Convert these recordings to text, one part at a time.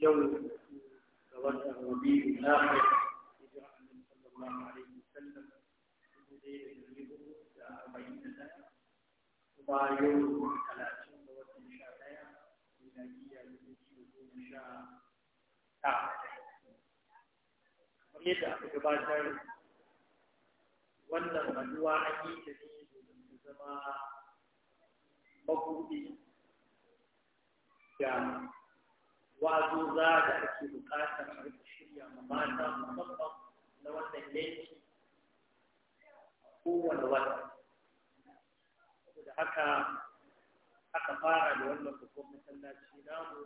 يوم غبرت الربيع الآخر إجراء النبي صلى الله عليه وسلم بدين يجيبه أربعين سنة وما يوم ثلاثين غبرت إن شاء الله ميلادية يجيبه إن شاء تعالى kamar yadda aka gabatar wannan rayuwa an yi ta ne domin ta zama mabuɗi da wa'azuza da ake bukatar a rika shirya ma mata musamman na wannan yanki kowane wata saboda haka aka fara da wannan babban masallaci namu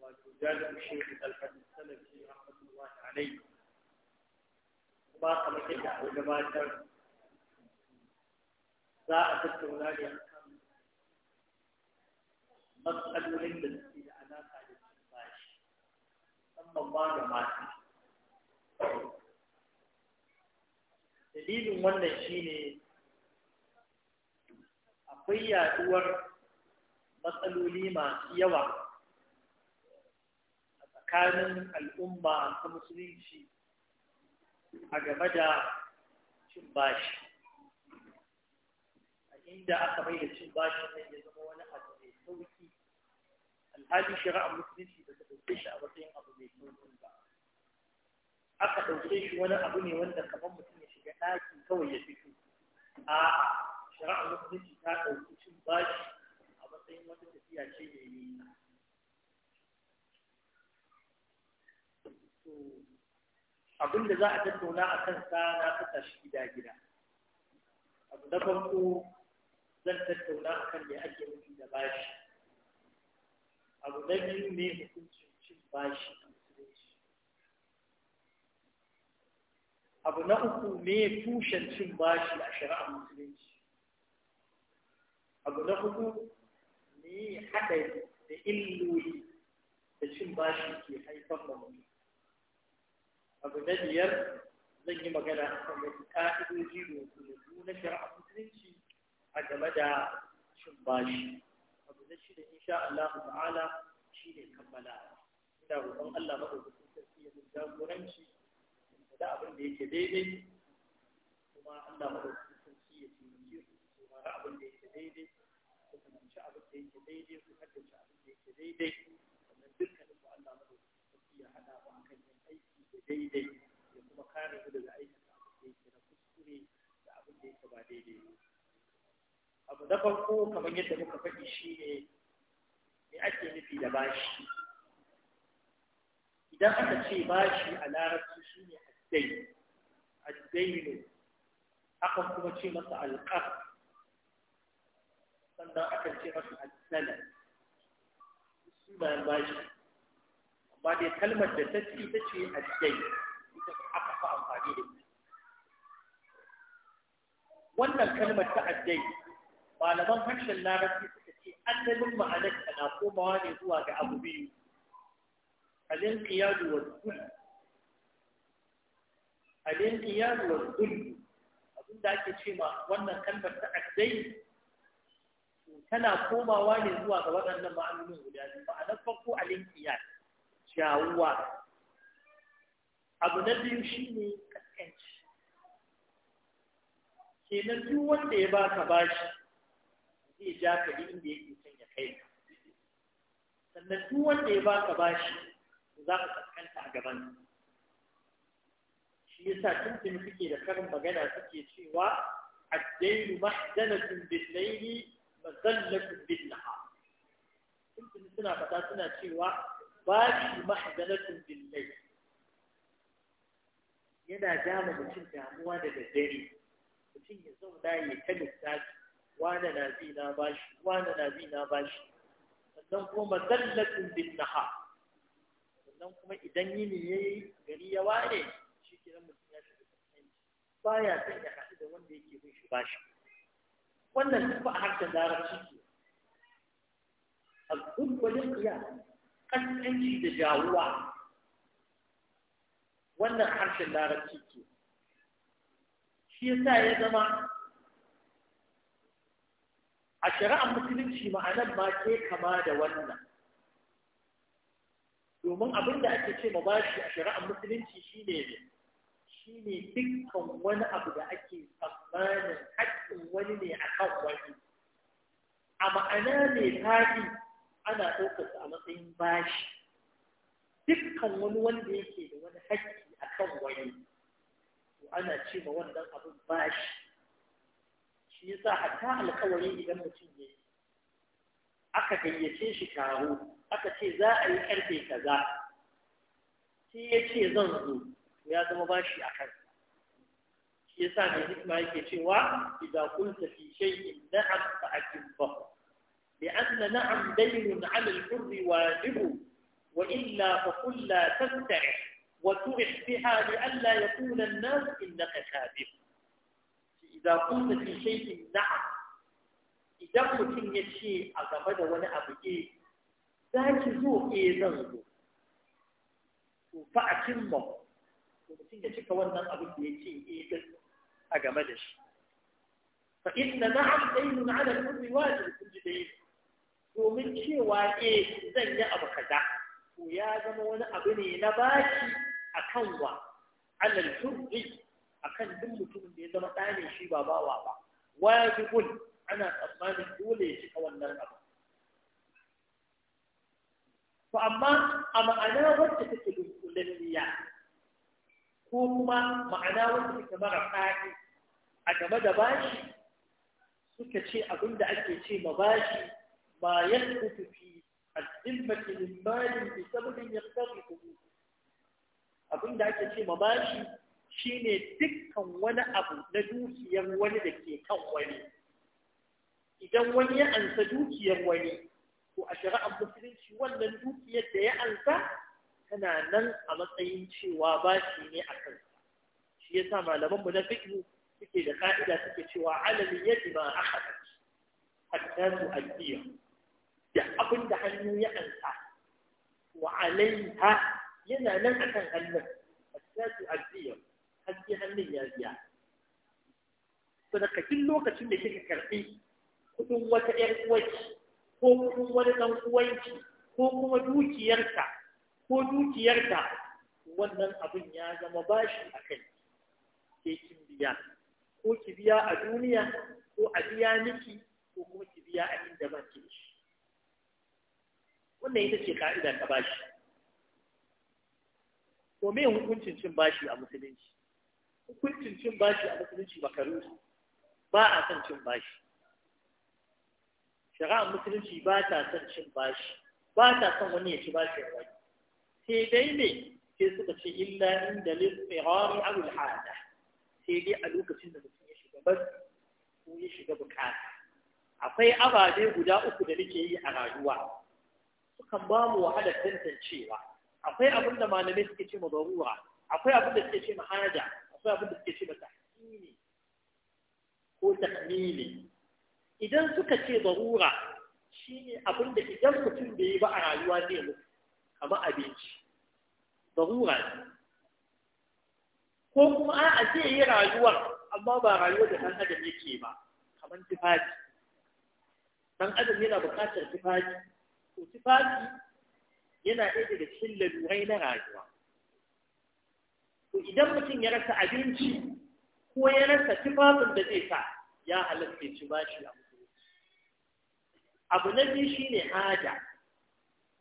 wato jami'in shehu alhaji salafi rahmatullahi alaihi kuma kamar yadda aka gabatar za a tattauna ne akan matsalolin da ba da mata dalilin wannan shine akwai yaduwar matsaloli masu yawa a tsakanin al'umma ta musulunci a game da cin bashi a inda aka bai da cin bashi ne ya zama wani abu mai sauki hali shari'ar musulunci ba ta ɗauke shi a matsayin abu mai sauƙi ba aka ɗauke shi wani abu ne wanda kamar mutum ya shiga ɗaki kawai ya fito a shari'ar musulunci ta ɗauki cin bashi a matsayin wata tafiya ce mai yi abin da za a tattauna a kan sa na fita shi gida gida abu na farko zan tattauna a kan da ake nufi da bashi abu na biyu ne hukuncin cin bashi a musulunci abu na uku ne tushen cin bashi a shari'ar musulunci abu na hudu ne haɗari da illoli da cin bashi ke haifar da mutum abu na biyar zan yi magana a kan wasu ƙa'idoji da wasu na shari'ar musulunci a game da cin bashi shi shida insha Allah ta'ala shi ne kammala ina roƙon Allah madaukakin sarki ya mun jagoranci da abin da yake daidai kuma Allah madaukakin sarki ya taimake ku kuma abin da yake daidai ku fahimci abin da yake daidai ku haddace abin da yake daidai sannan dukkanin ku Allah madaukakin sarki ya hada ku akan yin aiki da daidai ya kuma kare ku daga aikata abin da yake na kuskure da abin da yake ba daidai ba abu da farko kamar yadda muka faɗi shi ne mai ake nufi da bashi idan aka ce bashi a larabci shi ne addai ne. aka kuma ce masa alƙar sannan aka ce masa addala sunayen bashi amma dai kalmar da ta ce ta ce addai ita aka fi amfani da ita wannan kalmar ta addai malaman harshen larabci suka ce annabin ma'anar na komawa ne zuwa ga abu biyu alin qiyadu wa zul alin qiyadu wa zuwa abin da ake ce ma wannan kalmar ta addai tana komawa ne zuwa ga waɗannan ma'anonin guda biyu ma'anar farko alin qiyad jawuwa abu na biyu shine kaskanci kenan duk wanda ya baka bashi zai ja ka inda yake son ya kai ka sannan duk wanda ya baka bashi za ka kaskanta a gaban shi yasa tuntun suke da karin magana suke cewa addainu mahdanatun billaili mazallatun billaha tuntun suna fata suna cewa bashi mahdanatun billaili yana jama mutum damuwa da daddare mutum ya zauna ya ta lissafi wane na bi na bashi wane na bi na bashi sannan kuma mazallatin bin naha sannan kuma idan yini yi, gari ya ware shi ke nan mutum ya shiga Ba baya son ya haɗu da wanda yake bin shi bashi wannan duk ba a harshen larabci ke الظلم ya kaskanci da jawuwa wannan harshen larabci ke shi yasa ya zama a shari'ar musulunci ma'anar ma ke kama da wannan domin abin da ake ce ma bashi a shari'ar musulunci shine ne shine dukkan wani abu da ake tsammanin haƙƙin wani ne a kan wani a ma'ana mai faɗi ana ɗaukar a matsayin bashi dukkan wani wanda yake da wani haƙƙi a kan wani to ana ce ma wannan abin bashi shi yasa hatta alƙawari idan mutum ya aka gayyace shi taro aka ce za a yi ƙarfe kaza sai ya ce zan zo ya zama bashi a kansa shi yasa mai hikima yake cewa idan qulta fi shay'in na'am fa akibba لأن نعم دين على الحر واجب وإلا فقل لا تستعف وترح بها لئلا يكون الناس إنك كاذب da kun da ke shaiki na idan mutum ya ce a gaba da wani abu ke eh, za ki zo ke eh, zan zo ko fa a cin ba to mutum ya cika wannan abu da ya ce eh zan a gaba da shi fa inna na'am dainun ala kulli wajib kun ji dai domin cewa eh zan yi abu kaza ko ya zama wani abu ne na baki a kanwa alal hurri akan duk mutumin da ya zama ɗane shi ba bawa ba wajibul ana tsammanin dole ya cika wannan abu to amma a ma'ana wacce take dunkulalliya ko kuma ma'ana wacce take mara faɗi a game da bashi suka ce abin da ake ce ma bashi ma yasbutu fi al-zimmati min malin bi sababin yaqtadi abin da ake ce ma bashi Shi ne dukkan wani abu na dukiyar wani da ke kan wani idan wani ya ansa dukiyar wani ko a shari'ar musulunci wannan dukiyar da ya ansa tana nan a matsayin cewa ba shi ne a kansa shi yasa malaman mu na fiqh suke da ka'ida suke cewa ba a ma ahadat hatta tu'addiya da abin da hannu ya ansa wa alaiha yana nan akan hannun hatta tu'addiya haske hannun ya biya sadakakin lokacin da kika karɓi kuɗin wata 'yar uwaci ko kudin wani ɗan uwanki ko kuma dukiyarka ko dukiyarka wannan abin ya zama bashi a kai ke kin biya ko ki biya a duniya ko a biya miki ko kuma ki biya a inda ba ki shi wannan ita ce ka'ida ta bashi ko me hukuncin cin bashi a musulunci hukuncin cin bashi a musulunci makaruhi ba a son cin bashi shari'a musulunci ba ta son cin bashi ba ta son wani ya ci bashi ya wani sai dai ne sai suka ce illa inda lismirari abul hada sai dai a lokacin da mutum ya shiga ba ko ya shiga bukata akwai ababe guda uku da nake yi a rayuwa sukan ba mu wahala tantancewa akwai abin da malamai suke ce ma barura akwai abin da suke ce ma haja akwai abin da suke ce mata hakimi ko takmili idan suka ce zarura shi ne abin da idan mutum ya yi ba a rayuwa zai mutu kama abinci zarura ne ko kuma a zai yi rayuwar amma ba rayuwa da ɗan adam yake ba kamar tufafi ɗan adam yana buƙatar tufafi to tufafi yana ɗaya daga cikin lalurai na rayuwa to idan mutum ya rasa abinci ko ya rasa tufafin da zai sa ya halatta ci bashi a abu na biyu shine hada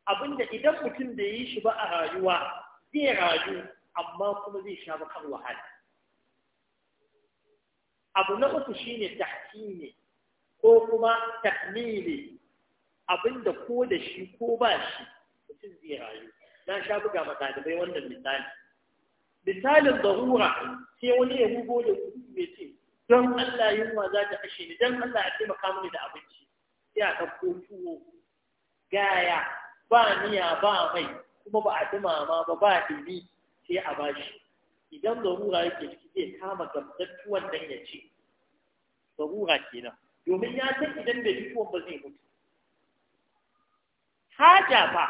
abinda idan mutum da yi shi ba a rayuwa zai rayu amma kuma zai sha bakan wahala abu na uku shine ne ko kuma tahmili abinda ko da shi ko ba shi mutum zai rayu na sha buga wa ɗalibai wannan misali misalin zarura sai wani ya rubo da kuɗi mai ce don Allah yunwa za ta kashe ni don Allah a taimaka mini da abinci sai a ɗauko tuwo gaya ba niya ba mai kuma ba a dumama ba ba ɗumi sai a bashi idan zarura yake ciki zai kama gamsar tuwon nan ya ce zarura kenan domin ya san idan bai duk tuwon zai mutu haja ba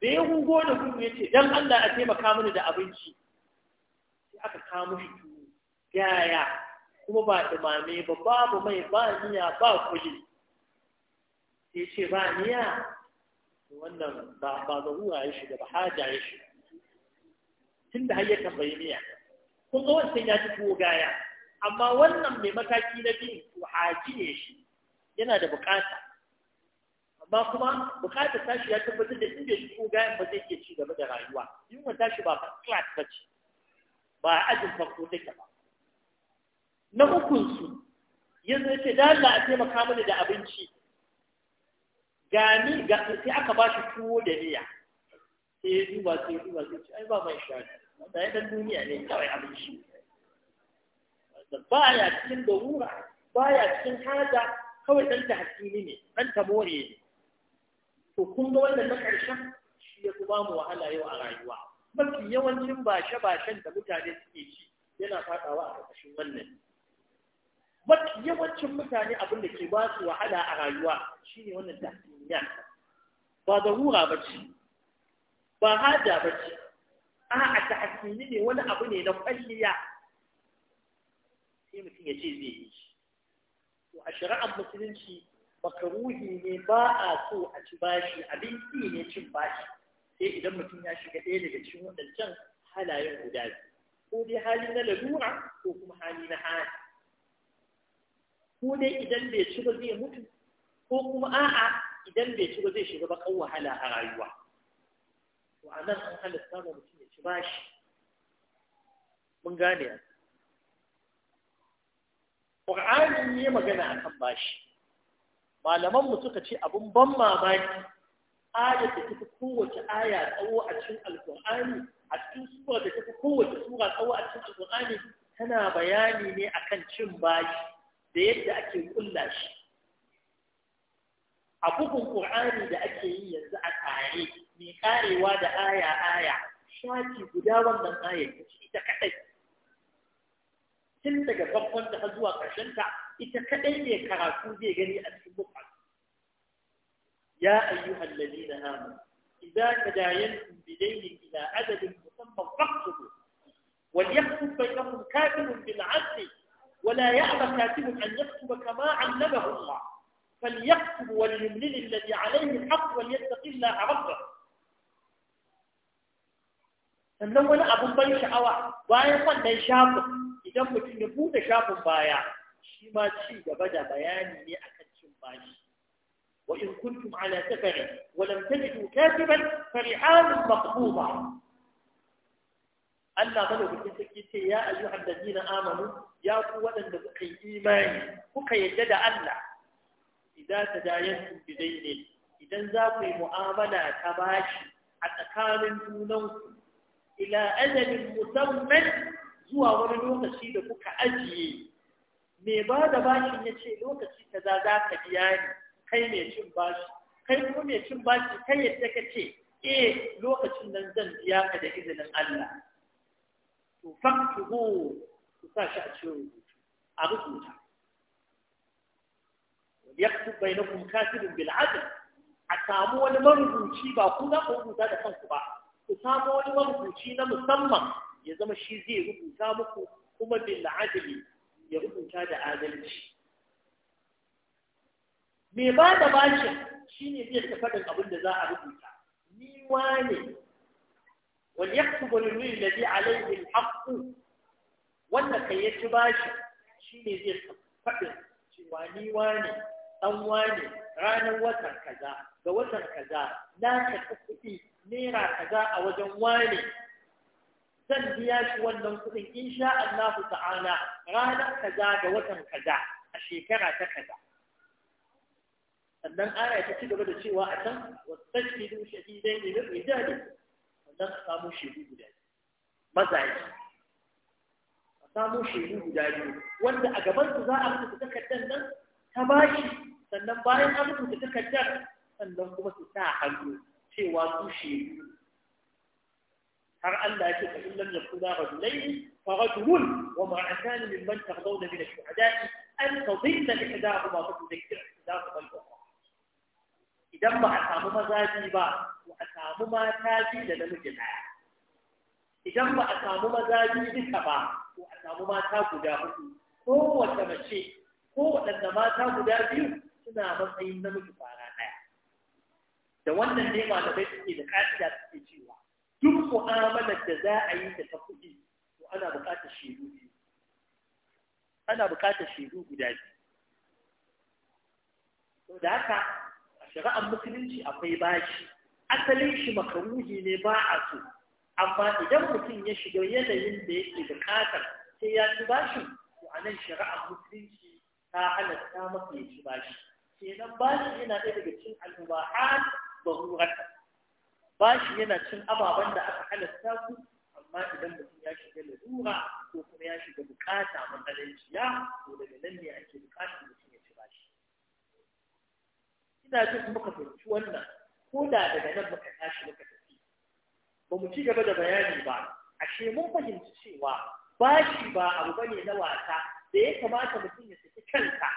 da ya hungo da kuma ya ce don Allah a taimaka mini da abinci aka kawo shi tuni yaya kuma ba mame ba babu mai ba niya ba kuli sai ce ba niya wannan ba ba ruwa ya shiga ba haja ya shiga tun da har ya tambayi niya kun ga wancan ya ci tuwo gaya amma wannan mai mataki na biyu to haji ne shi yana da bukata amma kuma bukatar tashi ya tabbatar da inda shi tuwo gayan ba zai iya ci gaba da rayuwa yunwa tashi ba class ba ce ba a ajin farko take ba na hukun su yanzu ce, da Allah a taimaka mini da abinci ga ni ga sai aka ba shi tuwo da miya sai ya duba sai ya duba sai ai ba mai shani da ya dan duniya ne kawai abinci da baya cikin darura baya cikin haja kawai dan ta hakimi ne dan ta more ne to kun ga wannan na karshen shi ya kuma mu wahala yau a rayuwa mafi yawancin bashe-bashen da mutane suke ci yana faɗawa a ƙarƙashin wannan mafi yawancin mutane abin da ke ba su wahala a rayuwa shine wannan tafiya ba da zarura ba ce ba hada ba ce a'a tahsini ne wani abu ne na kwalliya sai mutum ya ce zai yi to a shari'ar musulunci makaruhi ne ba a so a ci bashi abin ne cin bashi sai idan mutum ya shiga ɗaya daga cikin waɗancan halayen guda ko dai hali na lalura ko kuma hali na hali ko dai idan bai ci ba zai mutu ko kuma a'a idan bai ci ba zai shiga bakan wahala a rayuwa to a nan an halatta ma mutum ya ci bashi mun gane Qur'ani ne magana akan bashi Malamanmu suka ce abin ban mamaki ayar da tafi kowace aya tsawo a cikin alkur'ani a cikin sura da tafi kowace sura tsawo a cikin alkur'ani tana bayani ne akan cin bashi da yadda ake kulla shi a bugun qur'ani da ake yi yanzu a tare mai karewa da aya aya shafi guda wannan ayar ta ce ita kadai tun daga farkon ta zuwa karshen ta ita kadai ne karatu zai gani a cikin bugun يا أيها الذين آمنوا إذا تداينتم بدين إلى عدد مسمى فاقصدوا وليكتب بينهم كاتب بالعدل ولا يأبى كاتب أن يكتب كما علمه الله فليكتب وليملل الذي عليه الحق وليتق الله ربه sannan wani abin ban sha'awa bayan wannan shafin idan mutum ya bude shafin baya shi ma ci gaba da bayani ne akan cin bashi وإن كنتم على سفر ولم تجدوا كاتبا فرحال مقبوضة Allah madaukakin sarki ce ya ayyuhan ladina amanu ya ku waɗanda kuka yi imani kuka yadda da Allah idan ta dayantum ne. idan za ku yi mu'amala ta bashi a tsakanin junanku ila ajalin musamman zuwa wani lokaci da kuka ajiye me ba da bashin ya ce lokaci za, za ka biya ni kai ne cin bashi kai kuma ne cin bashi kai yadda ka ce eh lokacin nan zan biya ka da izinin Allah to faktuhu ku sa shi a cikin rubutu a rubuta yaktub bainakum katibun bil adl a samu wani marubuci ba ku za ku rubuta da kanku ba ku samu wani marubuci na musamman ya zama shi zai rubuta muku kuma bil adli ya rubuta da adalci mai ba da bashin shi zai ta faɗin abin da za a rubuta ni wane wani ya fi gwani nuni da zai alaihin haƙƙu wanda kai ya ci bashin shi ne zai faɗin cewa ni wane ɗan wane ranar watan kaza ga watan kaza na karɓi kuɗi naira kaza a wajen wane zan biya shi wannan kuɗin in insha Allah ta'ala ranar kaza ga watan kaza a shekara ta kaza sannan ana ta ci gaba da cewa a can wasakidu shahidai ne mai rijali sannan a samu shehu guda mazaji a samu shehu guda biyu wanda a gaban su za a rubuta takardar nan ta bashi sannan bayan an rubuta takardar sannan kuma su sa hannu cewa su shehu har Allah yake fa illam yakuna rajulayn fa rajulun wa ma'atan mimman taghdawna min ash-shuhada'i an tadilla ihdahuma fa tudhakkira ihdahuma al-ukhra idan ba a samu mazaji ba to a samu mata biyu da namiji ɗaya idan ba a samu mazaji duka ba to a samu mata guda hudu wata mace ko waɗanda mata guda biyu suna matsayin namiji fara ɗaya da wannan ne malamai suke da kaida suke cewa duk mu'amalar da za a yi da ta kuɗi to ana buƙatar shaidu biyu ana buƙatar guda biyu to da haka shari'ar musulunci akwai bashi asalin shi makaruhi ne ba a so amma idan mutum ya shiga yanayin da yake bukatar sai ya ci bashin to a nan shari'ar musulunci ta halatta masa ya ci bashi kenan bashi yana ɗaya daga cikin al'ubahat rurata bashi yana cin ababen da aka halatta su amma idan mutum ya shiga lalura ko kuma ya shiga bukata matsalanciya to daga nan ne ake bukatar mutum ina jin muka fahimci wannan ko da daga nan muka tashi muka tafi ba mu ci gaba da bayani ba ashe mun fahimci cewa bashi ba abu bane na wasa da ya kamata mutum ya tafi kansa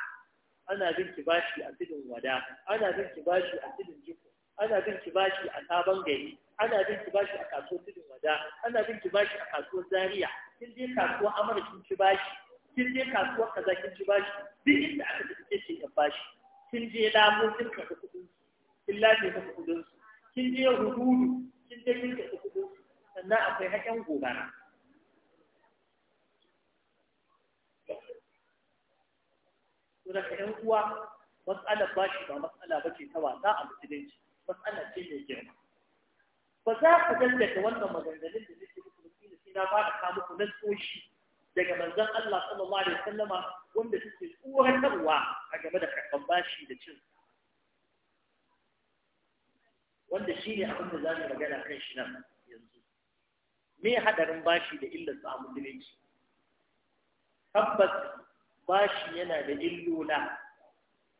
ana bin ki bashi a tudun wada ana bin ki bashi a tudun jiko ana bin ki bashi a sabon gari ana bin ki bashi a kasuwar tudun wada ana bin ki bashi a kasuwar zaria kin je kasuwar amurka kin ci bashi kin je kasuwar kaza kin ci bashi duk inda aka tafi ke ce bashi kin je labo kin ka kudin kin lafiya ka kudin kin je hududu kin je kin ka kudin sannan akwai haƙen gobara to da ‘yan uwa, matsalar ba shi ba matsala ba ce ta wasa a musulunci, matsala ce mai girma. Ba za ku dandata wannan maganganun da nake da mutum sai na da kawo muku nasoshi daga manzon Allah sallallahu alaihi wasallama wanda suke tsoratarwa a game da karɓar bashi da cin wanda shi ne abin da za mu magana kan shi nan yanzu me haɗarin bashi da illar sa musulunci tabbas bashi yana da illola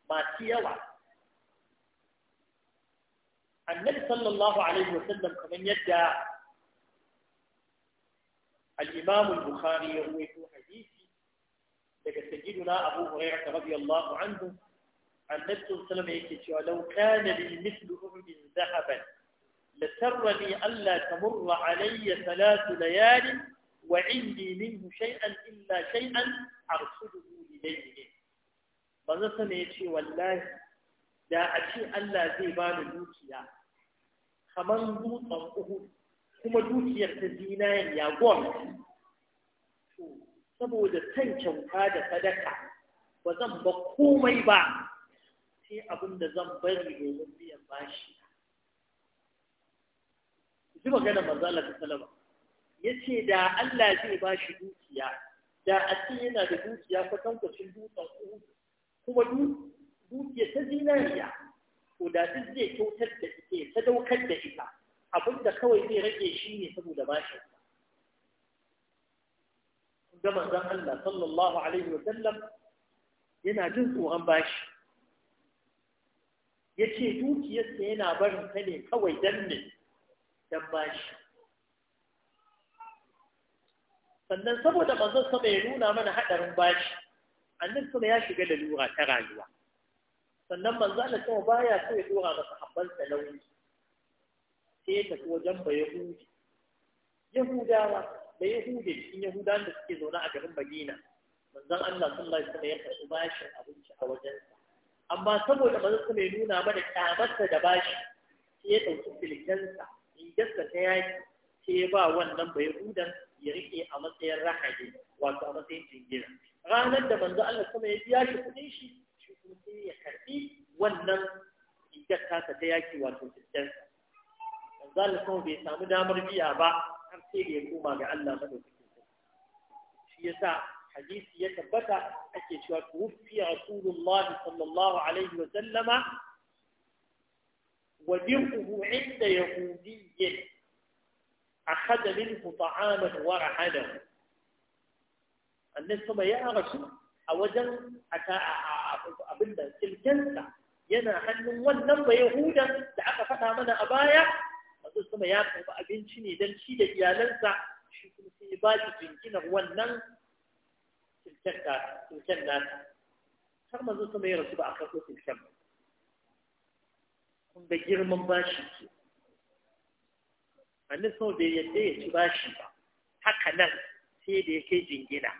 masu yawa annabi sallallahu alaihi wa sallam kamar yadda al-imam al-bukhari ya ruwaito daga sajiduna abu hurairu ta rabi Allah mu an dun annabi sallallahu alaihi wasallam yake cewa law kana bil mithlu uhdin dhahaban la tarani alla tamurra alayya thalath shay'an illa shay'an arsuluhu ilayhi banza sane yace wallahi da a ce Allah zai bani ni dukiya kamar dutsen uhu kuma dukiyar ta zinayen ya gwamnati saboda san kyauta da sadaka ba zan ba komai ba sai abin da zan bari domin biyan bashi Zuba gana maza Allah ta salama ce da Allah zai ba shi dukiya da a yana da dukiya kwatankwacin dutsen uku kuma dukiya ta zinariya ko da duk zai kyautar da ita ya sadaukar da ita abin da kawai zai rage shi ne saboda bashi ga manzon Allah sallallahu alaihi wasallam yana jin tsoron bashi yace dukiyarsa yana barin ta ne kawai don ne don bashi sannan saboda manzon sama ya nuna mana haɗarin bashi annabi sama ya shiga da lura ta rayuwa sannan manzo Allah sama baya so ya dora ga sahabban launi sai ya tafi wajen ba Yahudawa da Yahude cikin Yahudan da suke zaune a garin Madina manzon Allah sallallahu alaihi wasallam ya karɓi bashin abinci a wajensa amma saboda manzon sa mai nuna mana kyamarsa da bashi sai ya ɗauki filikansa rigarsa ta yaki sai ya ba wannan bai hudan ya riƙe a matsayin rahadi wato a matsayin jingina ranar da manzo Allah sama ya biya shi kuɗin shi shi kuma sai ya karɓi wannan rigar tasa ta yaki wato filikansa manzo Allah sama bai samu damar biya ba har sai da ya koma ga Allah madaukakin shi yasa hadisi ya tabbata ake cewa tuwfi rasulullah sallallahu alaihi wa sallama wa dirquhu inda yahudiyyin akhadha minhu ta'aman wa rahadahu annan sama ya rasu a wajen abin da silkensa yana hannun wannan ba yahudan da aka faɗa mana a baya manzo sama ya karɓi abinci ne don ci da iyalansa shi kuma sai ba shi jinginar wannan silken ta nata har manzo sama ya rasu ba a karɓo silken ba kun ga girman bashi ke annabi sau da yadda ya ci bashi ba haka nan sai da ya kai jingina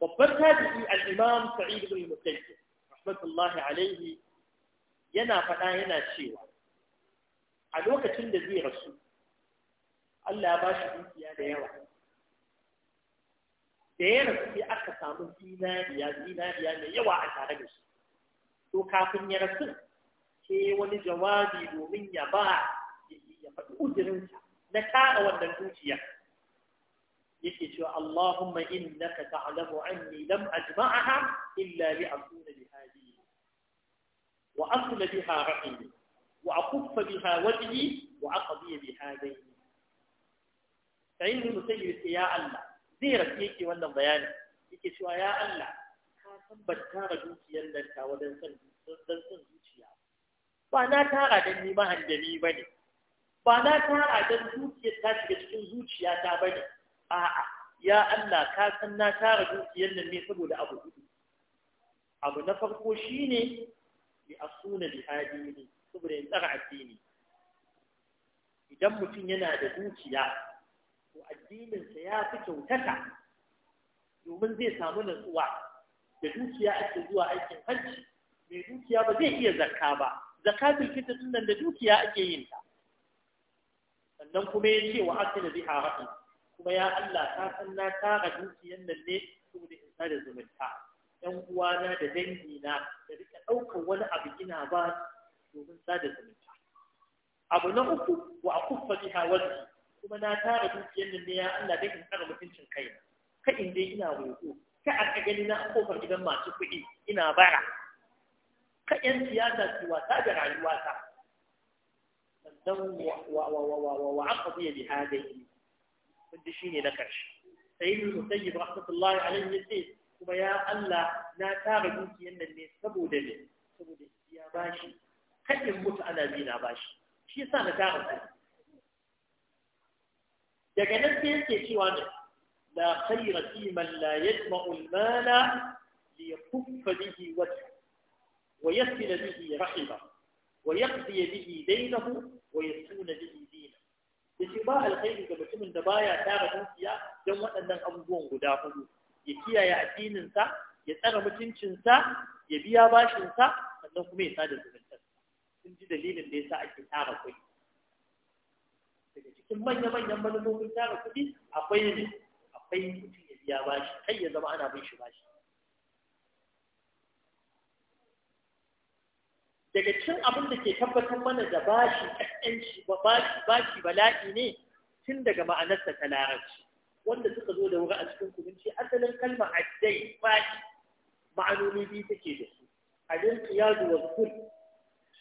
babban tabi'i al-imam sa'id ibn musayyib rahmatullahi alayhi yana faɗa yana cewa a lokacin da zai rasu Allah ba shi dukiya da yawa da ya rasu sai aka samu zinariya zinariya mai yawa a tare da shi to kafin ya rasu ke wani jawabi domin ya ba ya faɗi ujirinsa na tara wannan dukiya yake cewa Allahumma innaka ta'lamu anni lam ajma'aha illa li akuna bi hadi Wa wa biha وأصل biha رحمي wa بها وجهي وأقضي بها ديني سعيد المسيب ya Allah zai rafi yake wannan bayani yake cewa ya Allah ka tabbata da dukiyar nan ta wajen san dan san zuciya ba na tara dan ni ba handami bane ba na tara dan dukiyar ta shiga cikin zuciya ta ba bane a'a ya Allah ka san na tara dukiyar nan ne saboda abu hudu abu na farko shine asuna suna hadini saboda tsara addini idan mutum yana da dukiya to addininsa ya fi kyautata domin zai samu nutsuwa da dukiya ake zuwa aikin hajji mai dukiya ba zai iya zakka ba zakka fitr din nan da dukiya ake yin ta sannan kuma ya ce wa bi biha rahim kuma ya Allah ta san na tara dukiyan nan ne saboda in da zumunta ‘yan uwana da dangina da rika ɗaukar wani abu ina ba domin sada zumunta. Abu na uku wa a kuffa biha kuma na tara dukiyar nan ne ya Allah da in tsara mutuncin na. Ka in dai ina roƙo, ka a gani na ƙofar kofar gidan masu kuɗi ina bara. Ka ‘yan siyasa su wasa da rayuwata. Sannan wa aka biya da hadai. Wanda shi ne na ƙarshe. Sayyidul Musayyib rahmatullahi alaihi ya ce kuma ya Allah na tara dukiyar nan ne saboda ne saboda ya bashi kaɗin mutu ana bi na bashi shi yasa na tara kuɗi daga nan sai yake cewa ne la khayra fi man la yajma'u al-mala li yakuffa bihi wajha wa yasila bihi rahima wa yaqdi bihi daynahu wa yasuna bihi dina yace ba alkhairi ga mutumin da baya tara dukiya don waɗannan abubuwan guda huɗu. ya kiyaye addininsa ya tsara mutuncinsa ya biya bashinsa sannan kuma ya sada zumunta sun ji dalilin da ya sa ake tara kuɗi daga cikin manya-manyan manufofin tara kuɗi akwai ne akwai mutum ya biya bashi kai ya zama ana bin shi bashi daga cin abin da ke tabbatar mana da bashi ƙasƙanci bashi bashi bala'i ne tun daga ma'anarsa ta larabci wanda suka zo da wuri a cikin kudin shi, asalin a dai faɗi ma'anoni biyu take da su alin qiyadu wa kul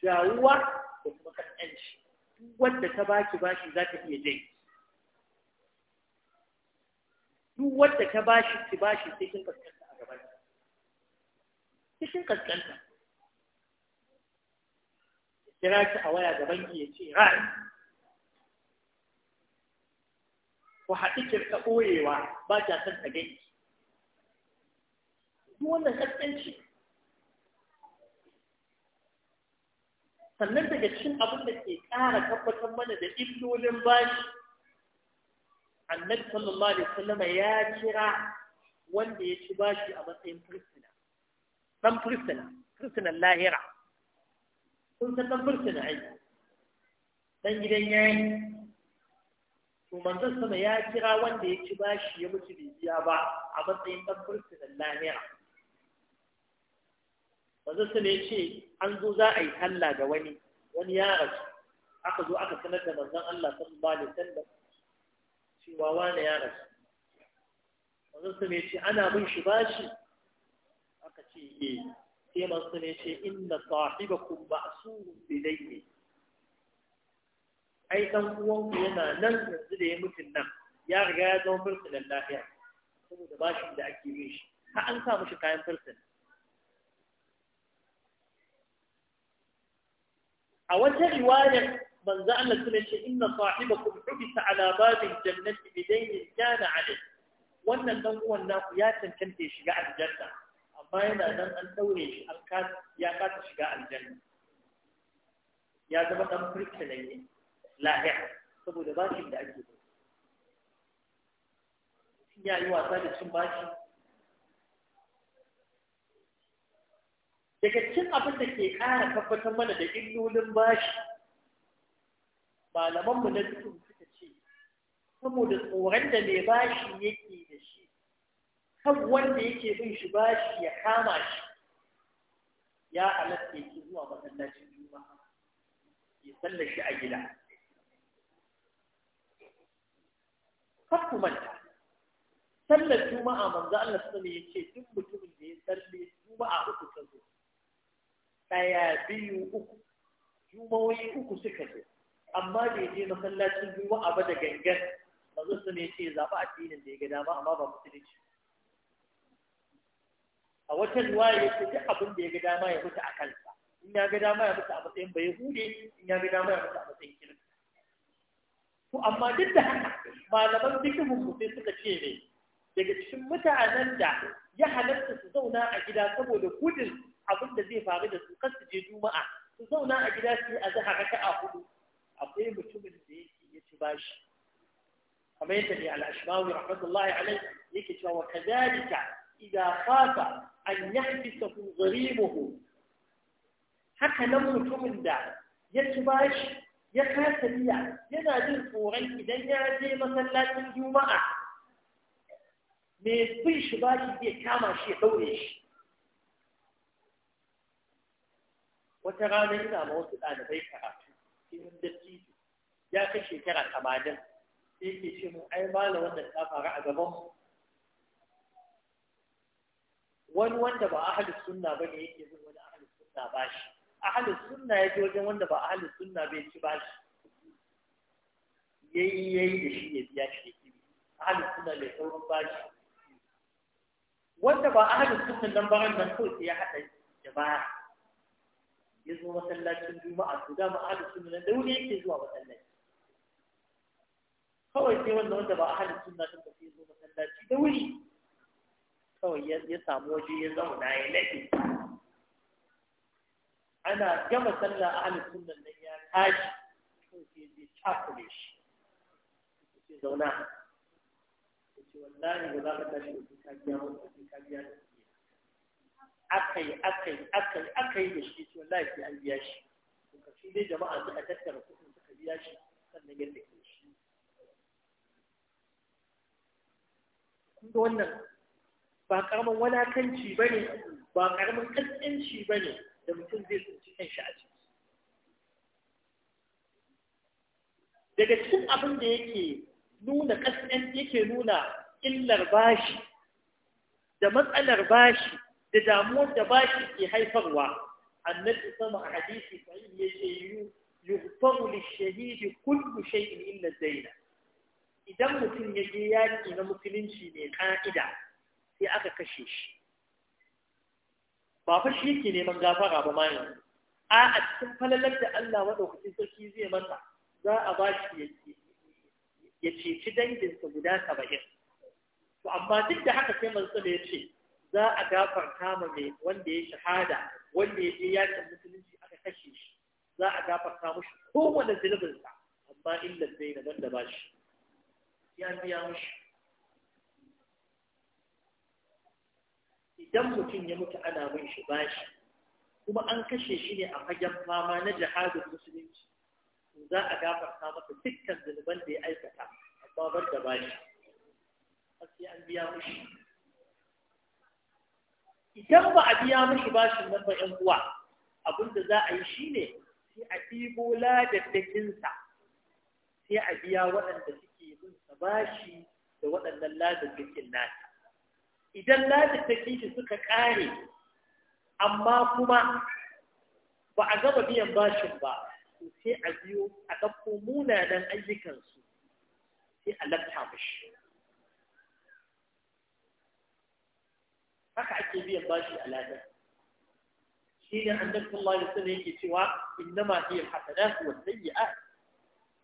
shawuwa da kuma kasance duk wanda ta baki bashi za ta iya dai duk wanda ta bashi ki bashi sai kin kaskanta a gaban ki kin kaskanta kira ki a waya gaban ki ya ce ra'ayi ku haɗi kirka ɓoyewa ba ta san ta gai Ku wannan kaskanci sannan daga cikin abin da ke ƙara tabbatar mana da illolin bashi annabi sallallahu alaihi wasallam ya kira wanda ya ci bashi a matsayin fursuna Ɗan fursuna fursunan lahira sun san ɗan fursuna aiki. Ɗan gidan yayi to manzo sama ya kira wanda ya ci bashi ya mutu bai biya ba a matsayin dan da lahira manzo sama ya ce an zo za a yi talla ga wani wani ya rasu aka zo aka sanar da manzon Allah sallallahu alaihi wasallam cewa wani ya rasu manzo sama ya ce ana bin shi bashi aka ce eh sai manzo sama ya ce inna sahibakum ba'sun bilayhi ai dan uwanku yana nan yanzu da ya mutun nan ya riga ya zama fursunan lafiya saboda bashin da ake yin shi har an sa mishi kayan fursun a wata riwayar manzo Allah sune ce inna sahibakum hubisa ala babil jannati bidayni kana alayhi wannan dan uwan naku ya ya shiga aljanna amma yana nan an daure shi an ya kasa shiga aljanna ya zama dan fursunan ne lahiya saboda bashin da ake da shi ya yi wasa da cin bashi daga cin abin da ke ƙara tabbatar mana da illolin bashi malamanmu na dukkan suka ce saboda tsoron da mai bashi yake da shi kan wanda yake bin shi bashi ya kama shi ya halatta yake zuwa masallacin juma'a ya sallar a gida kar ku manta sallar juma'a manzo Allah sallallahu alaihi wasallam yace duk mutumin da ya salle juma'a uku ta zo daya biyu uku juma'o'i uku suka zo amma da je masallacin juma'a ba da gangan manzo sallallahu alaihi yace zaba addinin da ya ga dama amma ba musulunci a wata ya ce duk abin da ya ga dama ya mutu a kansa in ya ga dama ya mutu a matsayin bai hude in ya ga dama ya mutu a matsayin kirki to amma duk da haka malaman fikihin mu sai suka ce ne daga cikin mutanen da ya halatta su zauna a gida saboda gudun abin da zai faru da su kan su je juma'a su zauna a gida su a zaha raka a hudu akwai mutumin da yake ya ci bashi kamar yadda ne al-ashmawi rahmatullahi alaihi yake cewa wa kadalika idza khafa an yahbisahu gharimuhu haka nan mutumin da ya ci bashi ya kasa biya yana jin tsoron idan ya je masallacin juma'a mai bin shi ba shi zai kama shi ya ɗaure shi wata rana ina ma wasu ɗalibai karatu cikin dattijo ya kai shekara tamanin sai ke ce mun ai mala wannan ta faru a gaban wani wanda ba ahalus sunna ne yake bin wani ahalus sunna ba shi ahalin sunna ya je wajen wanda ba ahalin sunna bai ci ba shi yayi yayi da shi ya biya shi da ahalin sunna mai saurin ba shi wanda ba ahalin sunna nan ba nan kawai sai ya hada da ba ya zo masallacin juma'a to dama ahalin sunna nan da wuri yake zuwa masallaci kawai sai wanda wanda ba ahalin sunna sun ba zo masallaci da wuri kawai ya samu waje ya zauna ya lafiya ana gama sallah ahlus sunnan nan ya tashi sai zai takure shi sai zauna ce wallahi ba za ka tashi da ka biya mu da ka biya da akai akai akai akai da shi ce wallahi sai an biya shi to shi dai jama'a suka tattara kuɗin suka biya shi sannan yadda ke shi wannan ba karamin wadatanci bane ba karamin ba bane da mutum zai tsinci kanshi a ciki daga cikin abin da yake nuna kasan yake nuna illar bashi da matsalar bashi da damuwar da bashi ke haifarwa annabi sama a hadisi sahih yace yu yughfaru lishahidi kullu shay'in illa daina idan mutum yaje yaƙi yaki na musulunci mai ka'ida sai aka kashe shi ba fa shi ke neman gafara ba ma yanzu a a cikin falalar da Allah madaukakin sarki zai masa za a ba shi ya ceci danginsa guda saba'in to amma duk da haka sai manzo ya ce za a gafar ma mai wanda ya shahada wanda ya je yakin musulunci aka kashe shi za a kama mushi kowane zunubinsa amma illa zai na da ba shi ya biya mushi idan mutum ya mutu ana bin shi bashi kuma an kashe shi ne a fagen fama na jihadin musulunci za a gafarta masa dukkan zunuban da ya aikata amma ban da bashi sai an biya mushi idan ba a biya mushi bashin nan ba 'yan uwa abin da za a yi shine sai a ɗibo ladaddakinsa sai a biya waɗanda suke bin sa bashi da waɗannan ladaddakin nasa idan lalittaki shi suka ƙare amma kuma ba a gaba biyan bashin ba sai a biyo a ɗauko munanan ayyukansu sai a lafta mashi haka ake biyan bashi a lada shi ne annabi Allah ya sani yake cewa innama hiya hasanat wa sayyi'at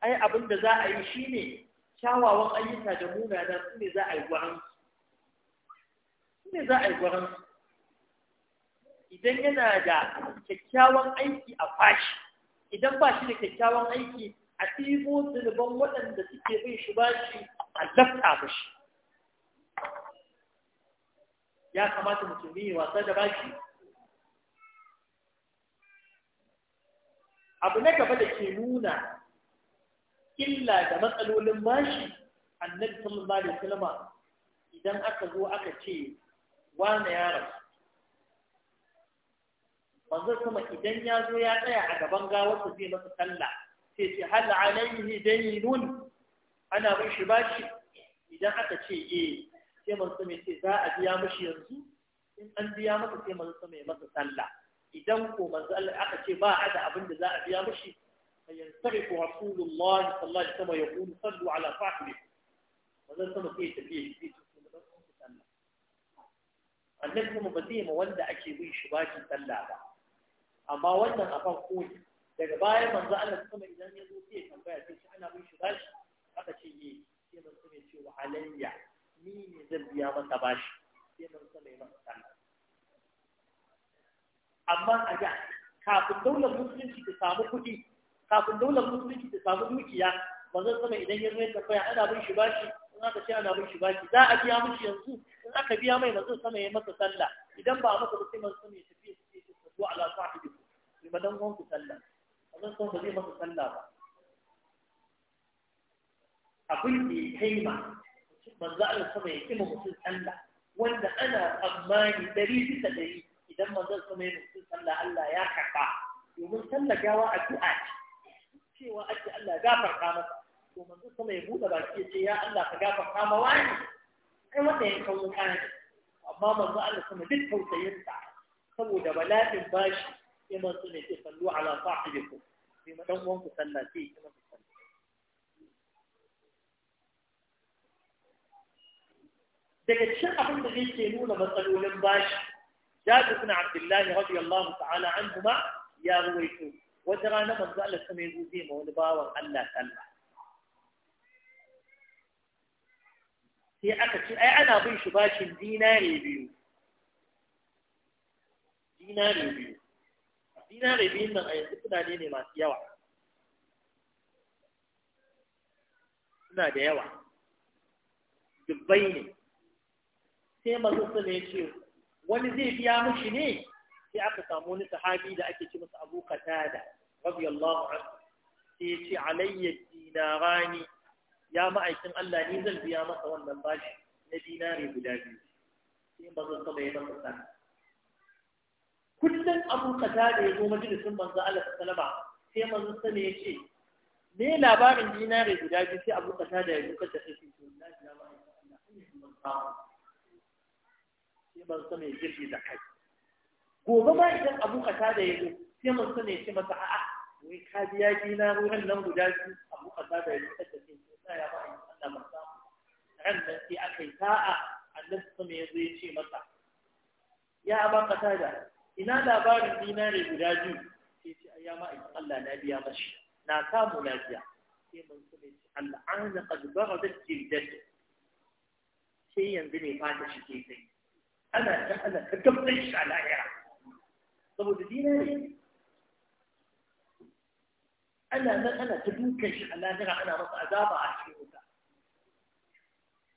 ai abinda za a yi shine kyawawan ayyuka da munanan su ne za a yi gwaransu ne za a yi gwaran idan yana da kyakkyawan aiki a fashi idan ba shi da kyakkyawan aiki a ɗibo zunuban waɗanda suke bai shi ba shi a lafta ba shi ya kamata mutum yi wasa da shi abu na gaba da ke nuna illa da matsalolin bashi annabi sallallahu alaihi wasallam idan aka zo aka ce wane ya rasu manzo kuma idan ya zo ya tsaya a gaban gawarsa zai masa sallah sai ce hal alaihi daynun ana bin shi bashi idan aka ce eh sai manzo mai ce za a biya mishi yanzu in an biya masa sai manzo mai masa sallah idan ko manzo Allah aka ce ba a da abin da za a biya mishi fayansarifu rasulullahi sallallahu alaihi wasallam yaqulu sallu ala sahibi manzo sama sai tafiye shi annabi kuma ba zai ma wanda ake bin shi bakin sallah ba amma wannan a kan ne daga baya manzo Allah kuma idan ya zo sai tambaya sai shi ana bin shi bashi aka ce yi eh. sai manzo ya ce wa alayya ni ne zan biya masa bashi sai manzo mai ban sallah amma a ga kafin daular musulunci ta samu kuɗi kafin daular musulunci ta samu dukiya manzo sama idan ya zo ya tambaya ana bin shi bashi in aka ce ana bin shi bashi za a biya mishi yanzu in aka biya mai manzo sama ya masa sallah idan ba masa sai manzo ne tafi sai ya tafi ala sahibi sai madan gon ku sallah zan sama ba zai masa sallah ba abin da ya kai ma manzo Allah sama ya kima mutum sallah wanda ana tsammani dari bisa dari idan manzo sama ya mutum sallah Allah ya karba domin sallah gawa addu'a ce cewa ake Allah gafarta masa to manzo sama ya buɗe baki ya ce ya Allah ka gafarta ma wani ai wannan yankan wuta ne amma manzo Allah kuma duk tausayinsa saboda bala'in bashi sai manzo ne ke sallu ala sahibikum sai ma dan uwanku sallah sai kuma sallah daga cikin abin da yake nuna matsalolin bashi jabir ibn abdullah radiyallahu ta'ala anhuma ya ruwaito wata rana manzo Allah sama ya zo zai ma wani bawan Allah sallah sai aka ce ai ana bin shi bashin dinare biyu dinare biyu dinare biyun nan a yanzu kudade ne masu yawa suna da yawa dubbai ne sai masu ne ce wani zai biya mushi ne sai aka samu wani sahabi da ake ce masa abu katada rabiyallahu anhu sai ya ce alayya dinarani ya ma'aikin Allah ni zan biya masa wannan bashi na dinari guda biyu sai zan sama ya masa sani kullum abu ta da ya zo majalisin manzo Allah salama, sai manzo sani ya ce me labarin dinari guda biyu sai abu ta da ya zo kata sai sai Allah ya ma'aikin Allah an yi manzo sai manzo sani ya girgi da kai gobe ma idan abu ta da ya zo sai manzo sani ya ce masa a'a wai ka biya dinari nan guda biyu abu ta da ya zo kata sai tsaya ba in Allah ba sa ran nan sai aka yi ta'a annabi kuma ya zo ya ce masa ya aba katada ina labarin ne guda biyu sai ce ai ya ma'aikin Allah na biya mashi na samu lafiya sai mun kuma ce Allah an da qad baradat jiddatu sai yanzu ne fata shi ke sai ana ta ana ta gabbai shi a lahira saboda dinare أنا من أنا تبوك الشيخ لا نرى أنا رضا أدابة على الشيخ هذا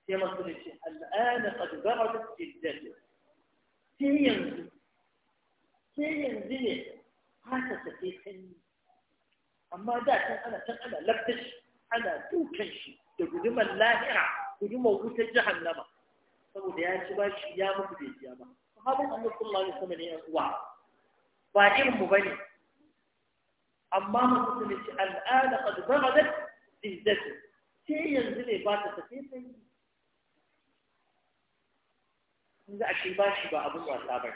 يا مصر الشيخ الآن قد بردت جدته كي ينزل كي ينزل هذا سفيح أما ذاك أنا كان أنا لبتش أنا تبوك الشيخ تقول ما لا نرى تقول ما هو تجهنم تقول يا شباب يا مبدي يا مبدي هذا أن الله يسمى لي أخوة فأجيب مبني amma mutum shi al'ada qad da izzatu sai yanzu ne ba ta tafi sai in za a ce ba shi ba abin wasa ba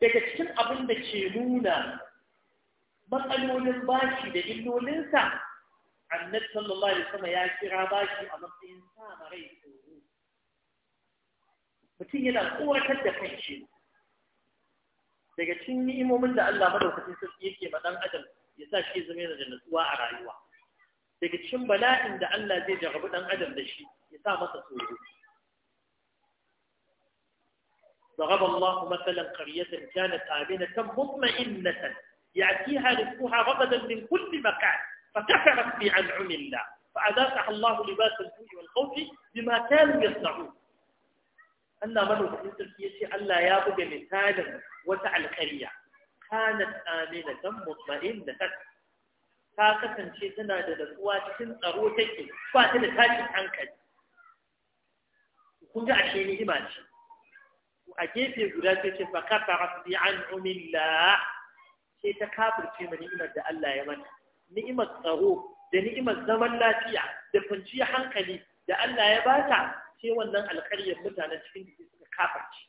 daga cikin abin da ke nuna matsalolin bashi da illolinsa annabi sallallahu alaihi wasallam ya kira bashi a matsayin sa marai tsoro mutum yana tsoratar da kanshi daga cikin ni'imomin da Allah madaukakin sarki yake ma dan adam ya sa shi zama da jannatuwa a rayuwa daga cikin bala'in da Allah zai jarabi dan adam da shi ya sa masa tsoro ضرب الله مثلا قرية كانت آمنة مطمئنة يأتيها رزقها غضبا من كل مكان فكفرت بأنعم الله فأذاقها الله لباس الجوع والخوف بما كانوا يصنعون Allah madaukakin sarki yace Allah ya buga misalin wata alƙarya kanat aminatan mutma'innatan ta kasance tana da natsuwa cikin tsaro take ba ta da tashin hankali kun ga ashe ni ima ce a gefe guda sai ce fa kafara bi an umilla sai ta kafirce ma ni'imar da Allah ya mana, ni'imar tsaro da ni'imar zaman lafiya da kwanciyar hankali da Allah ya bata sai wannan alƙaryar mutanen cikin jiki suka kafarci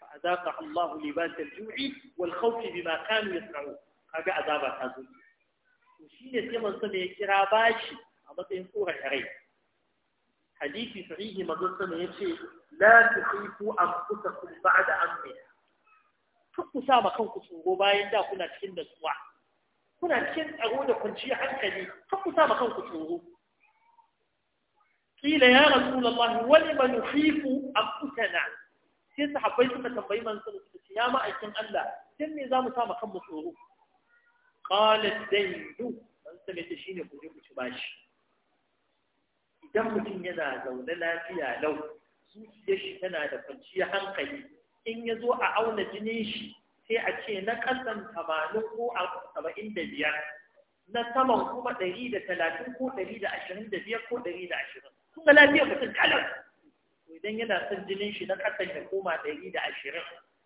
fa allahu Allah libas al-ju'i wal khawf bima kanu yasna'u kaga azaba ta zo to shine sai manzo ne ya kira bashi a matsayin tsoron rai hadisi sahihi manzo sama yace la tuqifu anfusakum ba'da amrin ku sa ma kanku tsoro bayan da kuna cikin nasuwa kuna cikin tsaro da kwanciyar hankali ku sa ma kanku tsoro kila ya rasulullah wani ba nufifu anfusana sai sahabbai suka tambayi manzon suka ce ya ma'aikin Allah dan me zamu sa mu tsoro qalat daydu dan sai ta shine ku je ku ci bashi idan mutum yana zaune lafiya lau zuciyar shi tana da kwanciya hankali in ya zo a auna jinin shi sai a ce na kasan tamanin ko saba'in da biyar na saman kuma ɗari da talatin ko ɗari da ashirin da biyar ko ɗari da ashirin kuma lafiyar mutum kalar idan yana son jinin shi na kasan ya koma ɗari da ashirin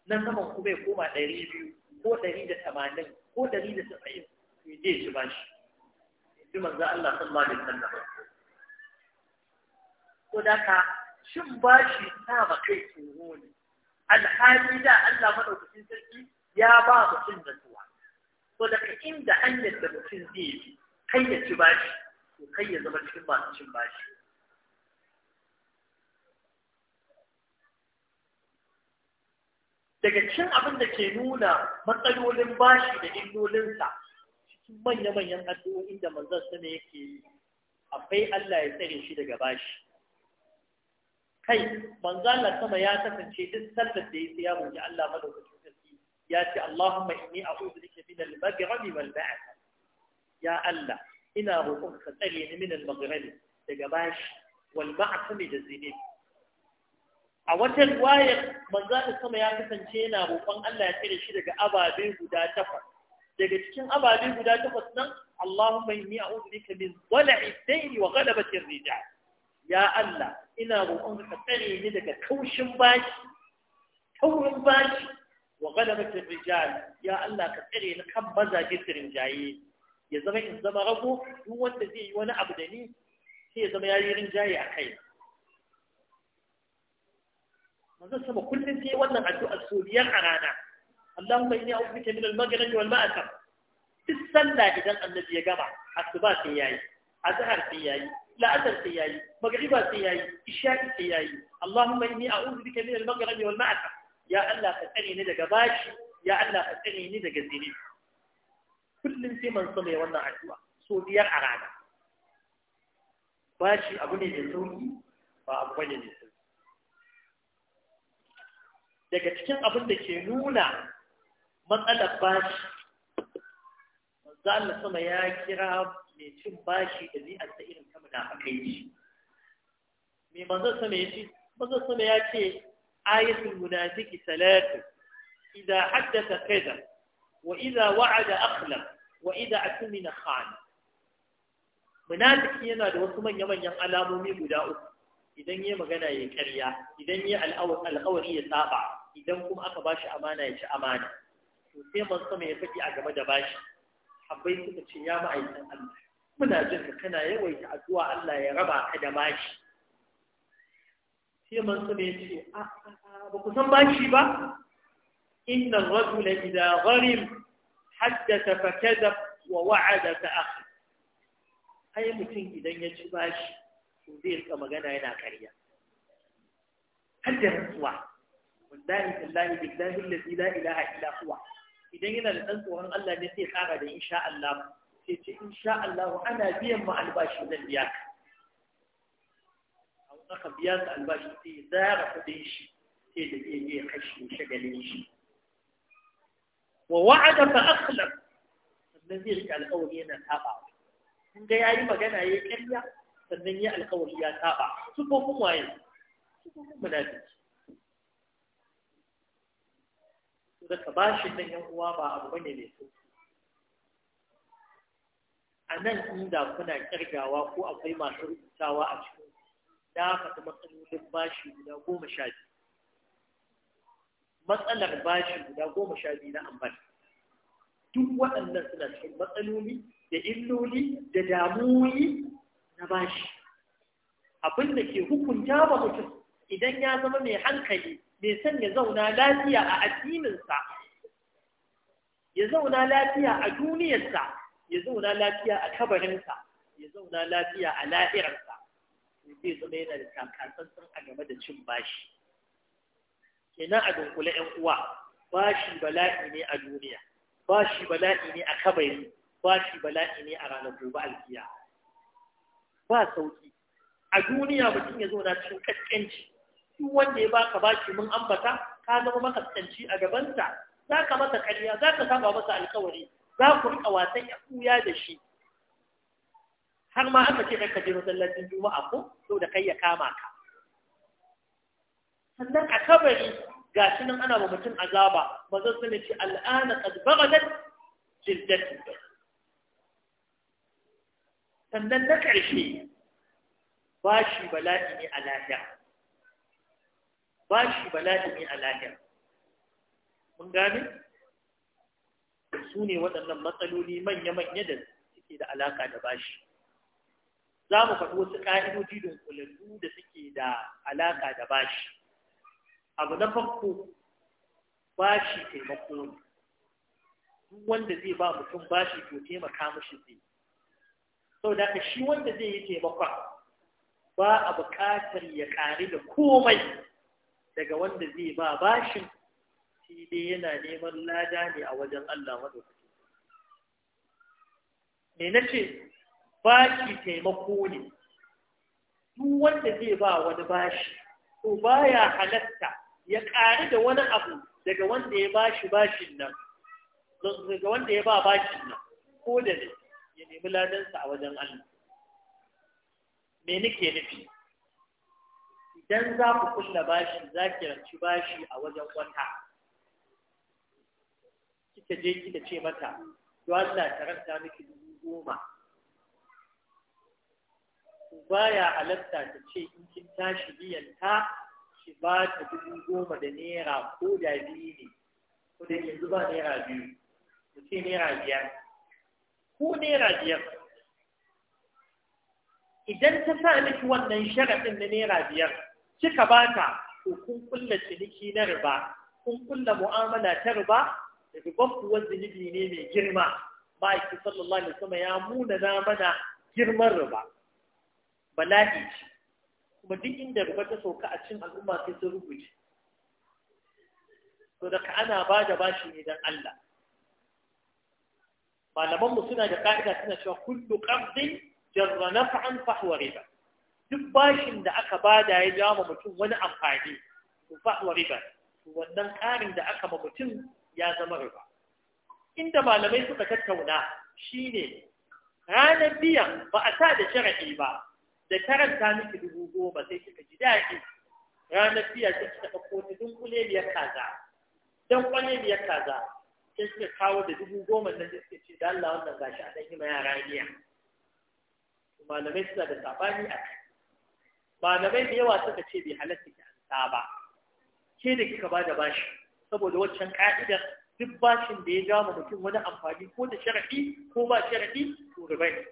na saman kuma ya koma ɗari biyu ko ɗari da tamanin ko ɗari da saba'in ya je shi ba shi ji manzo Allah sallallahu alaihi wasallam ko da ka shin ba shi sa ba kai tsoro ne alhali da Allah madaukakin sarki ya ba mutum da tuwa ko da ka inda an da mutum zai yi kai ya ci bashi ko kai ya zama cikin masu cin bashi daga cin abin da ke nuna matsalolin bashi da illolinsa cikin manya-manyan addu'o'in da manzon ne yake yi akwai Allah ya tsare shi daga bashi kai manzo Allah sama ya kasance duk sallar da yake ya roki Allah madaukakin sarki ya ce Allahumma inni a'udhu bika min al-maghrib wal ba'th ya Allah ina roƙon ka tsare ni min al-maghrib daga bashi wal ba'th da zinubi a wata riwayar manzo da sama ya kasance yana roƙon Allah ya tsare shi daga ababe guda takwas daga cikin ababe guda takwas nan Allahumma inni a'udhu bika min wala'i dayni wa ghalabati ar-rijal ya Allah ina roƙon ka tsare ni daga kaushin bashi kaurin bashi wa ghalabati ar-rijal ya Allah ka tsare ni kan mazaje rinjaye ya zama in zama rago duk wanda zai yi wani abu da ni sai ya zama ya yi rinjaye a kai manzo sama kullum sai wannan addu'a so biyar a rana Allahumma inni a'udhu bika min al-maghrib wal ma'asam duk sallah idan annabi ya gama asuba sai yayi azhar sai yayi la'asar sai yayi maghriba sai yayi isha'i sai yayi Allahumma inni a'udhu bika min al-maghrib wal ma'asam ya Allah ka tsare ni daga bashi ya Allah ka tsare ni daga zini kullum sai man sama wannan addu'a so biyar a rana bashi abu ne da sauki ba abu bane ne daga cikin abin da ke nuna matsalar bashi manzo Allah sama ya kira mai cin bashi da zai ta irin kama da aka yi mai manzo sama ya ce manzo sama ya ce ayatul munafiki salatu idza haddatha kaza wa idza wa'ada akhlaf wa idza atmina khana munafiki yana da wasu manya-manyan alamomi guda uku idan yi magana ya karya idan yi al'awari ya saba idan kuma aka bashi amana ya ci amana to sai mun sama ya faɗi a game da bashi habbai suka ce ya ma'aikin Allah muna jin ka kana yawaita addu'a Allah ya raba ka da bashi sai mun sama ya ce a ba ku san bashi ba inna rajula idza bari haddatha fa kadhab wa wa'ada fa akhi ai mutum idan ya ci bashi to zai rika magana yana ƙarya haddar rantsuwa والداني الله بالله الذي لا إله إلا هو إذن هنا لتنسوا أن الله نسي خارج إن شاء الله سيتي إن شاء الله أنا بيما الباشي من الياك أو نقبيات الباشي في دارة ديشي سيدي إيه, إيه خشي شغليشي ووعد فأخلف الذي قال أول هنا تابع ان جاي أي مكان أي كلمة فنني القول يا تابع سبوا مواي سبوا مناديش ba shi nan yan uwa ba abu bane mai sauki a nan inda kuna kirgawa ko akwai masu rubutawa a cikin da faɗi matsalolin bashi guda goma sha biyu matsalar bashi guda goma sha biyu na amfani, duk waɗannan suna cikin matsaloli da illoli da damuwoyi na bashi abin da ke hukunta ba mutum idan ya zama mai hankali bai san ya zauna lafiya a addininsa ya zauna lafiya a duniyarsa ya zauna lafiya a kabarinsa ya zauna lafiya a la'irarsa zai zama yana da takatsantsan a game da cin bashi kenan a dunkule ‘yan uwa bashi bala'i ne a duniya bashi bala'i ne a kabari bashi bala'i ne a ranar gobe alkiya ba sauki a duniya mutum ya zauna cikin kaskanci duk wanda ya baka bashi mun ambata ka zama makaskanci a gabansa za ka masa karya za ka saba masa alkawari za ku rika wasan ya kuya da shi har ma aka ce ka je masallacin juma'a ko to da kai ya kama ka sannan a kabari ga shi nan ana wa mutum azaba mazan sani ce al'ana kad baghadat jiddatu sannan na ƙarshe bashi bala'i ne a lafiya. ba shi bala'i ne a lahira mun gane su ne waɗannan matsaloli manya-manya da suke da alaƙa da bashi za mu faɗi wasu ƙa'idoji dunkulallu da suke da alaƙa da bashi abu na farko bashi taimako duk wanda zai ba mutum bashi to taimaka mashi zai sau da shi wanda zai yi taimakon ba a buƙatar ya ƙari da komai daga wanda zai ba bashin shi dai yana neman lada ne a wajen Allah madaukaki me na ba bashi taimako ne duk wanda zai ba wani bashi to ya halatta ya ƙari da wani abu daga wanda ya bashi bashin nan daga wanda ya ba bashin nan ko da ne ya nemi ladansa a wajen Allah me nake nufi idan za ku kulla bashi za ki ranci bashi a wajen wata kika je kika ce mata to Allah ta ranta miki dubu goma baya halatta ta ce in kin tashi biyan ta ki ba ta dubu goma da naira ko da biyu ne ko da yanzu ba naira biyu ku ce naira biyar ko naira biyar idan ta sa miki wannan sharaɗin na naira biyar kika bata ko kun kulla ciniki na riba kun kulla mu'amala ta riba riban kuwa zunubi ne mai girma ma'aiki sallallahu alaihi wasallam ya muna na mana girman riba bala'i ce kuma duk inda riba ta sauka a cikin al'umma sai sun rubuce to daga ana ba da bashi ne don Allah malamanmu suna da ka'ida suna cewa kullu qardin jarra naf'an fa riba duk bashin da aka bada ya jawo ma mutum wani amfani to fa wa riba wannan ƙarin da aka ma mutum ya zama riba inda malamai suka tattauna shine ranar biyan ba a sa da shara'i ba da karanta miki dubu goma sai kika ji daɗi ranar biya sai kika ɗauko ta dunkule biyar kaza don kwane biyar kaza sai suka kawo da dubu goma nan suka ce da Allah wannan gashi a ɗan yi ma yara miya malamai suna da saɓani a kai malamai da yawa suka ce bai halatta ki ansa ba ke da kika bada bashi saboda waccan ka'idar duk bashin da ya jama mutum wani amfani ko da sharadi ko ba sharadi to riba ne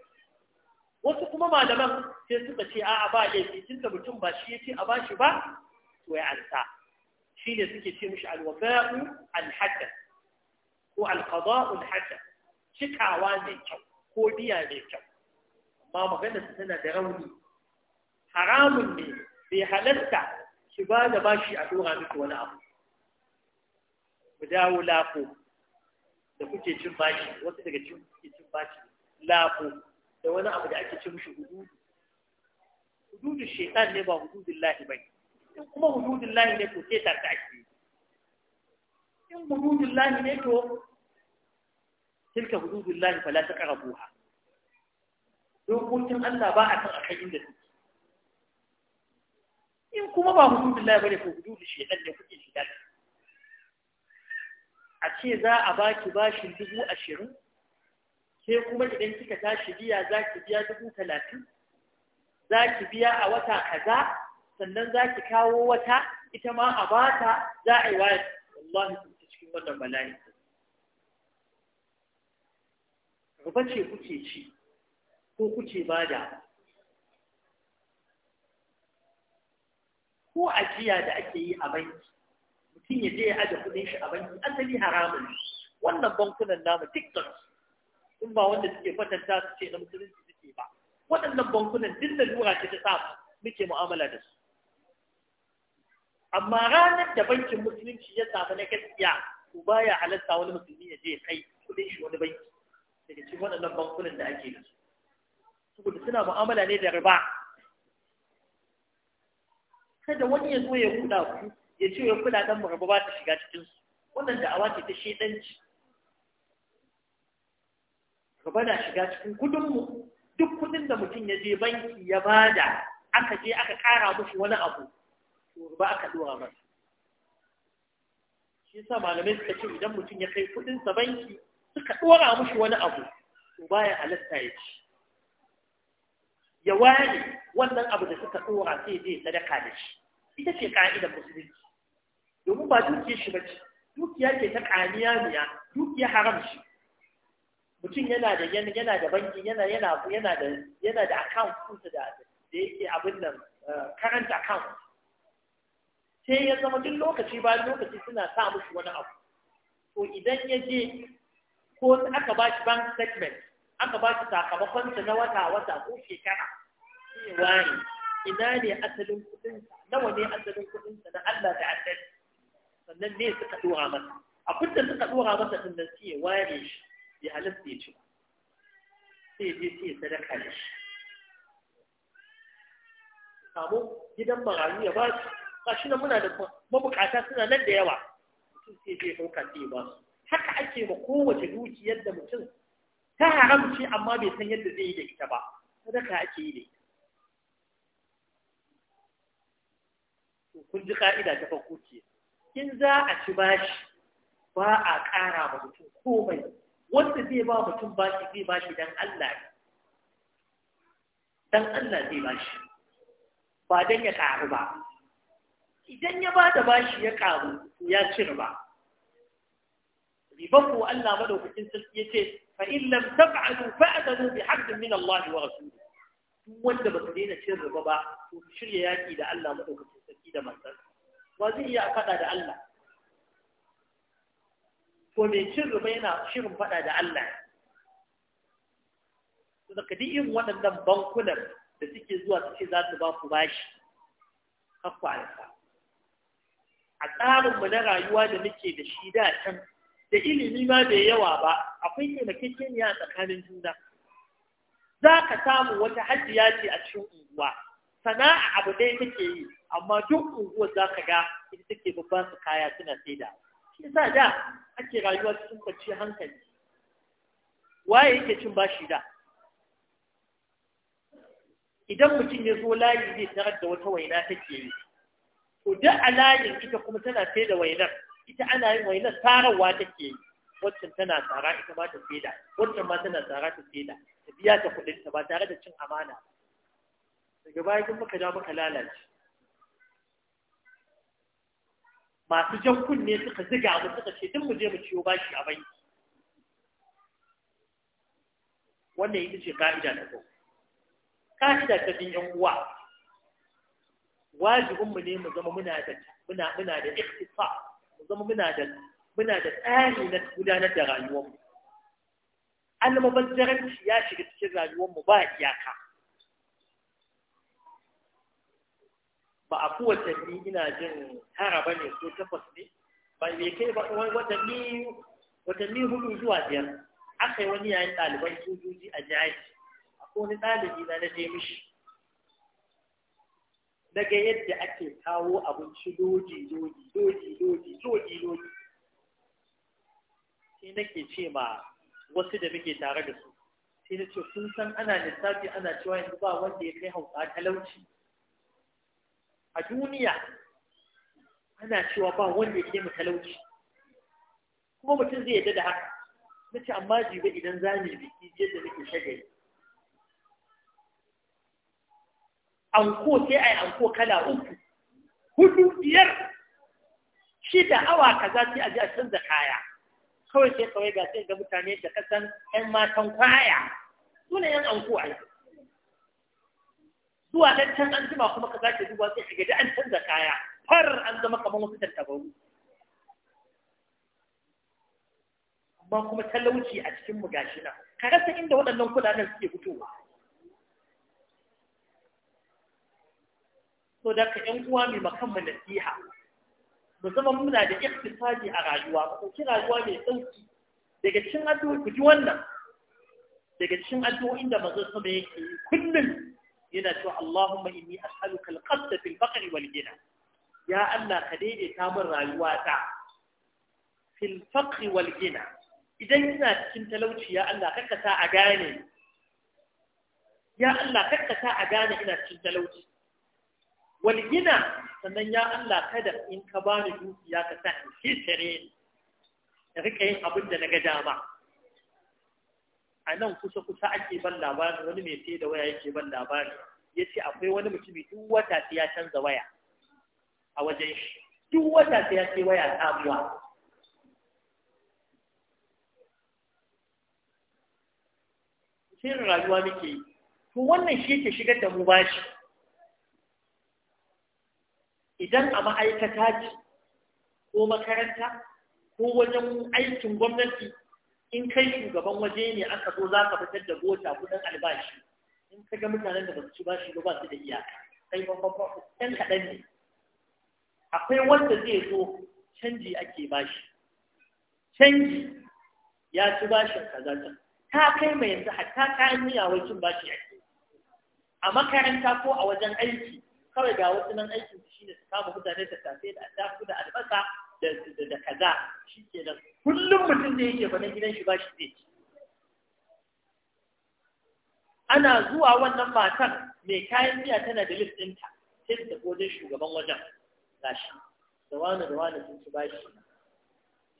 wasu kuma malaman sai suka ce a'a ba laifi tunda mutum ba shi yace a bashi ba to ya ansa shine suke ce mishi alwafa'u alhadda ko alqada'u alhadda cikawa mai kyau ko biya mai kyau amma maganarsa tana da rauni haramun ne bai halatta ki ba da bashi a dora miki wani abu ku dawo lafo da kuke cin bashi wasu daga cin kuke cin bashi lafo da wani abu da ake cin shi hududu hududu shaitan ne ba hududun lahi ba in kuma hududun lahi ne to ke tarta ake in hududun lahi ne to tilka hududun lahi fa la taqrabuha dokokin Allah ba a san akan inda su in kuma ba da labari ko hududu shedan da kuke shiga a ce za a baki bashin dubu ashirin sai kuma idan kika tashi biya za ki biya dubu talatin za ki biya a wata kaza sannan za ki kawo wata ita ma a bata za a yi wayar wallahi ku ta cikin wannan bala'i gaba ce kuke ci ko kuke bada ko ajiya da ake yi a banki mutum ya je ya aje kuɗin shi a banki asali haramun wannan bankunan namu tiktok sun ba wanda suke kwatanta su ce na musulunci suke ba waɗannan bankunan duk da lura ce ta samu muke mu'amala da su amma ranar da bankin musulunci ya samu na gaskiya ko baya halatta wani musulmi ya je kai kudin shi wani banki daga cikin waɗannan bankunan da ake da su saboda suna mu'amala ne da riba kada wani ya zo ya kuɗa ku ya ce ya kuɗaɗen mu ba ta shiga cikinsu wannan da awa ce ta shaidanci gaba na shiga cikin mu duk kudin da mutum ya je banki ya bada aka je aka kara mushi wani abu ba aka dora masa shi sa malamai suka ce idan mutum ya kai sa banki suka dora mushi wani abu to baya halatta ya ci ya ware wannan abu da suka dora sai zai sadaka da shi ita ce ka'idar musulunci domin ba dukiya shi ba ce, dukiya ce ta kaniya miya dukiya haram shi mutum yana da yana da banki yana yana yana da yana da account kusa da da yake abin nan eh, current account sai ya zama duk lokaci bayan lokaci suna sa musu wani abu to idan ya je ko aka ba shi bank statement aka ba shi sakamakonsa na wata wata ko shekara sai ya ware ina ne asalin kuɗinsa nawa ne asalin kuɗinsa na Allah da annabi sannan ne suka dora masa a kudin suka dora masa din nan sai ya ware shi ya halatta ya ci sai je sai sadaka ne shi samu gidan marayu ya ba su shi nan muna da mabukata suna nan da yawa mutum sai je ɗauka sai ya ba su haka ake ma kowace dukiyar da mutum ta haramci amma bai san yadda zai yi da ita ba sadaka ake yi da ita kun ji ka'ida ta farko ce in za a ci bashi ba a ƙara ba mutum komai wanda zai ba mutum bashi zai bashi dan Allah dan Allah zai bashi ba dan ya ƙaru ba idan ya ba da bashi ya ƙaru ya cire ba riban ku Allah madaukakin sarki ya ce fa in lam taf'alu fa'tanu bi haqqin min Allah wa rasulih wanda ba su daina cin riba ba to shirya yaki da Allah madaukakin sarki da manzansa wa zai iya faɗa da Allah ko mai cin ruba yana shirin faɗa da Allah su da kadi irin waɗannan bankunan da suke zuwa su ce za su ba ku bashi kakku alfa a tsarinmu na rayuwa da muke da shi da can da ilimi ma bai yawa ba akwai taimakekeniya a tsakanin juna za ka samu wata hajjiya ce a cikin unguwa sana'a abu ɗaya take yi amma duk unguwar za ka ga ita take babban su kaya suna saida shi yasa da ake rayuwa cikin bacci hankali waye yake cin bashi da idan mutum ya zo layi zai tarar da wata waina take yi to duk a layin ita kuma tana saida wainar ita ana yin wainar tarawa take yi waccan tana tsara ita ma ta saida waccan ma tana tsara ta saida ta biya ta kuɗin ta ba tare da cin amana daga baya muka ja muka lalace masu jan kunne suka ziga mu suka ce duk mu je mu ciyo bashi a banki wannan ita ce ka'ida ta ko ka'ida ta bin yan uwa wajibin mu ne mu zama muna da muna muna da ikhtisa mu zama muna da muna da tsari na gudanar da rayuwar mu almubazzaranci ya shiga cikin rayuwar mu ba iyaka ba a watanni ina jin tara ba ne ko takwas ne ba me kai ba watanni watanni hudu zuwa biyar aka yi wani yayin ɗaliban sojoji a jaji akwai wani ɗalibi na na je mishi daga yadda ake kawo abinci doji doji doji doji doji doji sai nake ce ma wasu da muke tare da su sai na ce sun san ana lissafi ana cewa yanzu ba wanda ya kai hausa talauci a duniya ana cewa ba wanda ya mu talauci kuma mutum zai yadda da haka na ce amma jibe idan za mu yi biki yadda nake shagari anko sai a yi anko kala uku hudu biyar shida awa kaza sai a ji a canza kaya kawai sai kawai ga sai ga mutane da kasan 'yan matan kwaya suna 'yan anko a yi zuwa nan can an jima kuma ka sake zuwa sai shiga da an canza kaya far an zama kamar wasu tattabaru amma kuma talauci a cikin mu gashi nan ka rasa inda waɗannan kudaden suke fitowa so da ka ƴan uwa mai makan mu nasiha zama muna da iktisadi a rayuwa ba ɗauki rayuwa mai sauki daga cikin addu'o'i ku ji wannan daga cikin addu'o'in da manzon sama yake kullum yana cewa Allahumma inni as'aluka al-qasd fil faqr wal ghina ya Allah ka daidaita min rayuwata fil faqr wal ghina idan ina cikin talauci ya Allah karka sa a gane ya Allah karka sa a gane ina cikin talauci wal ghina sannan ya Allah kada in ka bani dukiya ka sa in kisare ni rike yin abin da na ga dama a nan kusa-kusa ake ban labarin wani mai sai da waya yake ban labari ya ce akwai wani mutumi duk wata sai ya canza waya a wajen shi duk wata sai ya ce waya sabuwa sirrin rayuwa muke yi to wannan shi yake shigar da mu bashi idan a ma'aikata ce ko makaranta ko wajen aikin gwamnati in kai shugaban waje ne aka zo za ka fitar da gota kudin albashi in ka ga mutanen da ba su ci bashi ba ba su da iyaka sai babban ɗan kaɗan ne akwai wanda zai zo canji ake bashi canji ya ci bashin kaza can ta kai mai yanzu hatta kayan miya wai cin bashi ake a makaranta ko a wajen aiki kawai ga wasu nan aikin shi ne su kama mutane da safe da attafu da albasa da kaza shi ke nan kullum mutum da yake fa gidan shi ba shi zai ci ana zuwa wannan matar mai kayan miya tana da list ɗinta sai ta tafi wajen shugaban wajen shi da wani da wani sun ci bashi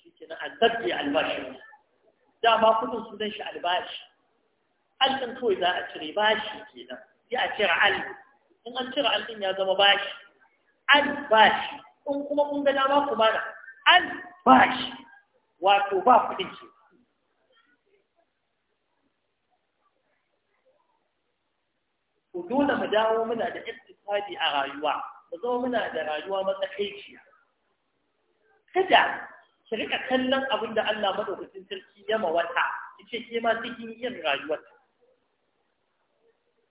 shi ke nan azabbi albashi dama kudin zai shi albashi alɗin kawai za a cire bashi kenan sai a cire alɗin. in an cire alɗin ya zama bashi albashi. bashi in kuma kun ga dama ku bana an ba wato ba kuɗin shi ku dole mu dawo muna da iktisadi a rayuwa mu zama muna da rayuwa matsakaiciya kada ki rika kallon abin da Allah madaukakin sarki ya mawata ki ce ke ma sai yin rayuwa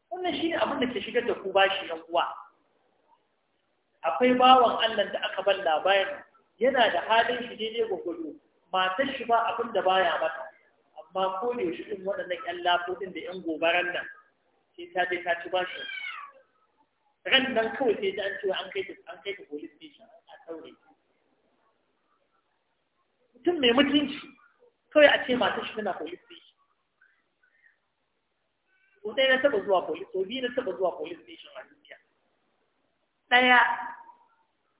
wannan shine abin da ke shigar da ku bashi yan uwa akwai bawan Allah da aka ban labarin yana da halin shi daidai gwagwado matar shi ba abin da baya mata amma ko ne shi din waɗannan ƴan lafofin da ƴan gobaran nan sai ta je ta ci bashi ran nan kawai sai ta an an kai ta an kai ta police station a saurayi. mutum mai mutunci kawai a ce matar shi tana police station ko ɗaya na taɓa zuwa police ko biyu na taɓa zuwa police station a duniya ɗaya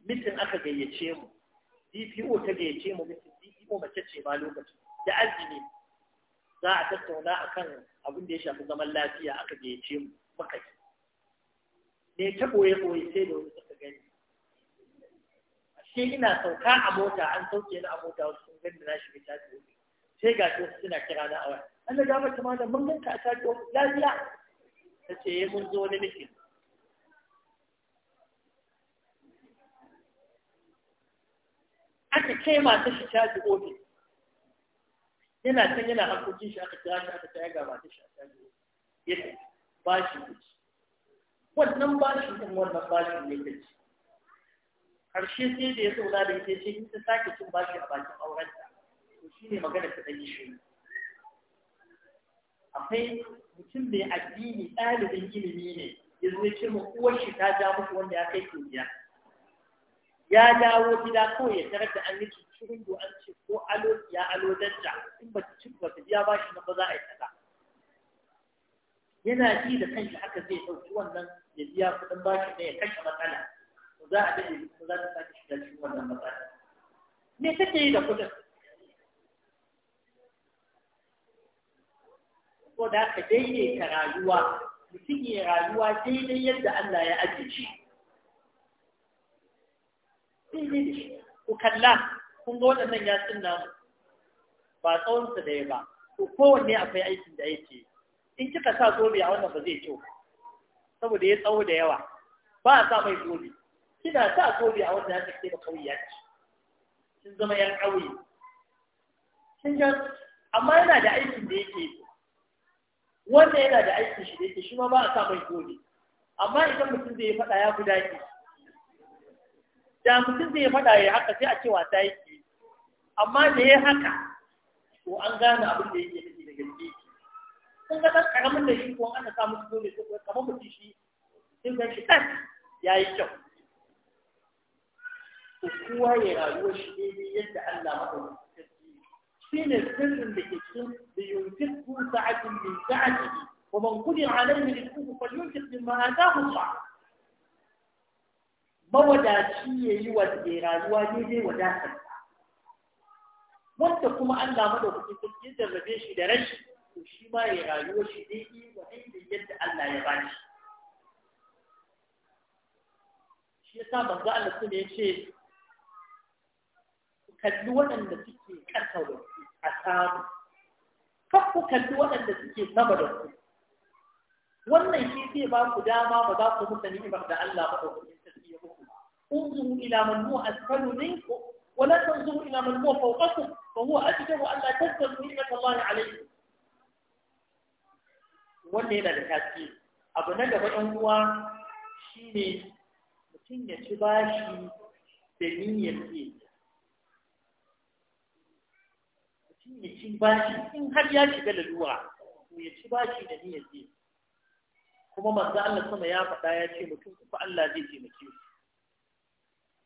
mitin aka gayyace mu DPO ta gayyace mu mitin DPO mace ce ba lokaci da azumi za a tattauna akan abin da ya shafi zaman lafiya aka gayyace mu muka yi ne ta boye boye sai da wani suka gani ashe ina sauka a mota an sauke ni a mota wasu sun gani na shiga tafi sai ga su suna kira na a an da gama ta malam mun ganka a tafi lafiya ta ce eh, mun zo wani mitin aka kai masu shi caji ofis yana can yana harkokin shi aka kira shi aka tsaye ga masu shi a caji ofis ya ba shi kuci wannan ba shi ɗin wannan ba shi ne ta ci ƙarshe sai da ya zauna da ita ce in ta sake cin bashi a bakin aurenta to shi ne magana ta ɗan shi akwai mutum mai addini ɗalibin ilimi ne yanzu ya ce ma uwar shi ta ja muku wanda ya kai kimiyyar ya dawo gida kawai ya tarar da an yi cikin do an ce ko alo ya alo danta in ba cikin ba ta biya shi na ba za a yi kaza yana ji da kanshi haka zai dauki wannan ya biya kuɗin shi ne ya kashe matsala ko za a dade ko za ta sake shiga cikin wannan matsala me kake yi da kuɗin ko da ka daidaita rayuwa mutum ya rayuwa daidai yadda Allah ya ajiye shi sun yi da ku kalla kun ga waɗannan yatsun namu ba tsawonsa da ya ba to kowanne akwai aikin da yake in kika sa zobe a wannan ba zai kyau saboda ya tsawo da yawa ba a sa mai zobe kina sa zobe a wannan yatsun ke da kauya ce sun zama yan ƙauye kin ga amma yana da aikin da yake Wannan yana da aikin shi da yake shi ma ba a sa mai zobe amma idan mutum zai faɗa ya fi daɗi da mutum zai faɗa ya haka sai a ce wasa yake amma da ya haka to an gane abin da yake da gaske kun ga ɗan ƙaramin da shi ko ka samu su dole su kamar mutum shi sun ga shi ɗan ya yi kyau to kowa ya rayuwar shi ne yadda Allah maɗaukaki shi ne sirrin da ke cikin da yunfiqu sa'atin min sa'atihi wa man qudira alayhi rizquhu falyunfiq mimma ataahu Allah mawadaci ya yi wa rayuwa daidai wadatar wanda kuma Allah kuɗi sun yi jarrabe shi da rashi to shi ma ya rayuwa shi daidai wa daidai yadda Allah ya bani shi sa manzo Allah su ne ku kalli waɗanda suke ƙasa da ku a samu kan ku kalli waɗanda suke sama da ku wannan shi zai ba ku dama ba za ku mutu ba da Allah ba sarki ya انظروا إلى من هو أسفل منكم ولا تنظروا إلى من هو فوقكم فهو أجدر أن لا تنسوا نعمة الله عليكم wannan yana da tasiri abu na da ɗan uwa shine mutum ya ci bashi da niyyar ke mutum ya ci bashi in har ya shiga lalura to ya ci bashi da niyyar ke kuma manzo Allah sama ya faɗa ya ce mutum kuma Allah zai taimake shi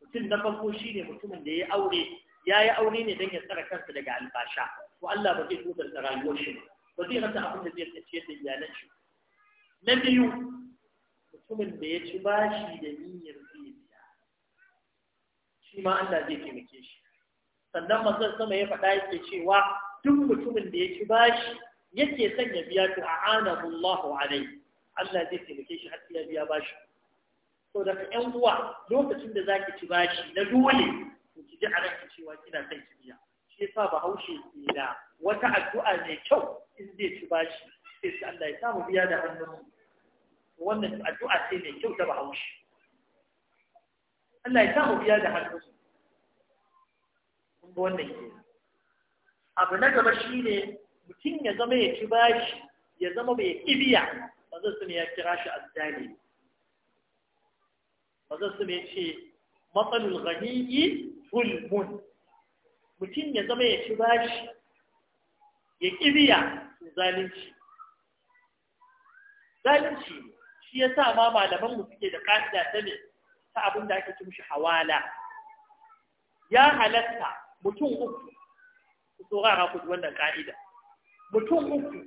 mutum na farko ne mutumin da ya aure ya yi aure ne don ya tsara kansa daga albasha ko Allah ba zai tutar da rayuwar shi ba zai rasa abin da zai tafiye da iyalan shi na biyu mutumin da ya ci bashi da niyyar zai shi ma Allah zai taimake shi sannan masar sama ya faɗa yake cewa duk mutumin da ya ci bashi yake son ya biya to a'anahu Allahu alai Allah zai taimake shi har ya biya bashi sau daga ‘yan uwa lokacin da za ki ci bashi na dole to ki ji a ranki cewa kina son ki biya shi yasa bahaushe ke da wata addu'a mai kyau in zai ci bashi sai su Allah ya samu biya da hannun wannan addu'a sai mai kyau ta bahaushe Allah ya samu biya da hannun kun ga wannan ke abu na gaba shine mutum ya zama ya ci bashi ya zama bai ibiya ba zai ya kira shi azzalimi Mazan su mai ce matsalul yi hulmun mutum ya zama ya ci bashi ya kibiya zalunci zalunci shi ya sa ma malaman mu suke da ƙa'ida ta ne ta abin da ake cimshi hawala ya halatta mutum uku so tsorara ku wannan ƙa'ida mutum uku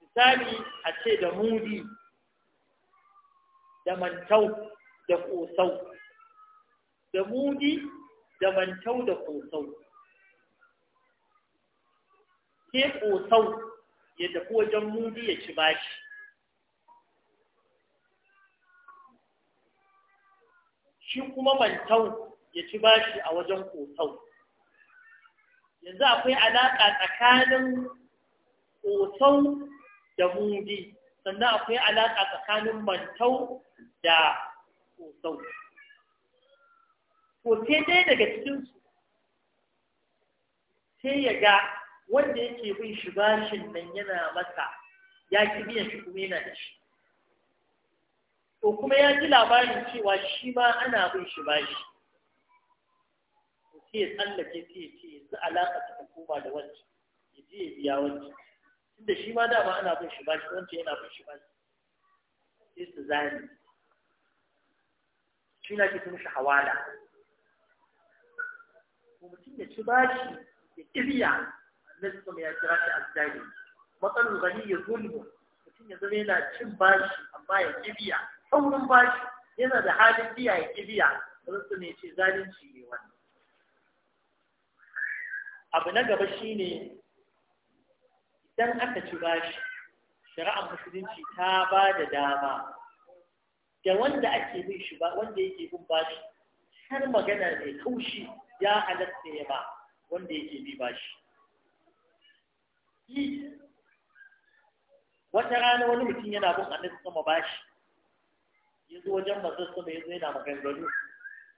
misali a ce da mudi da mantau da ƙosau da mudi da mantau da ƙosau ke ƙosau ya tafi wajen mudi ya ci bashi shi kuma mantau ya ci bashi a wajen ƙosau yanzu akwai alaƙa tsakanin ƙosau da mudi sannan akwai alaƙa tsakanin mantau da kosau ko sai dai daga cikinsu sai ya ga wanda yake bin shi bashin nan yana masa ya ki biyan shi kuma yana da shi to kuma ya ji labarin cewa shi ma ana bin shi bashi sai ya tsallake sai ya ce yanzu alaƙa ta koma da wancan ya je ya biya wancan inda shi ma dama ana bin shi bashi wancan yana bin shi bashi sai su zani shi na ke mishi hawala mutum ya ci bashi ya ƙirya na kuma ya kira shi azzali matsalin gani ya zulmu mutum ya zama yana cin bashi amma ya ƙirya saurin bashi yana da halin biya ya ƙirya su ne ce zalunci ne wani abu na gaba shine idan aka ci bashi shari'ar musulunci ta ba da dama da wanda ake bin shi ba wanda yake bin bashi har magana mai kaushi ya halatta ya ba wanda yake bi bashi wata rana wani mutum yana bin annabi sama bashi ya zo wajen mazan sama ya zo yana maganganu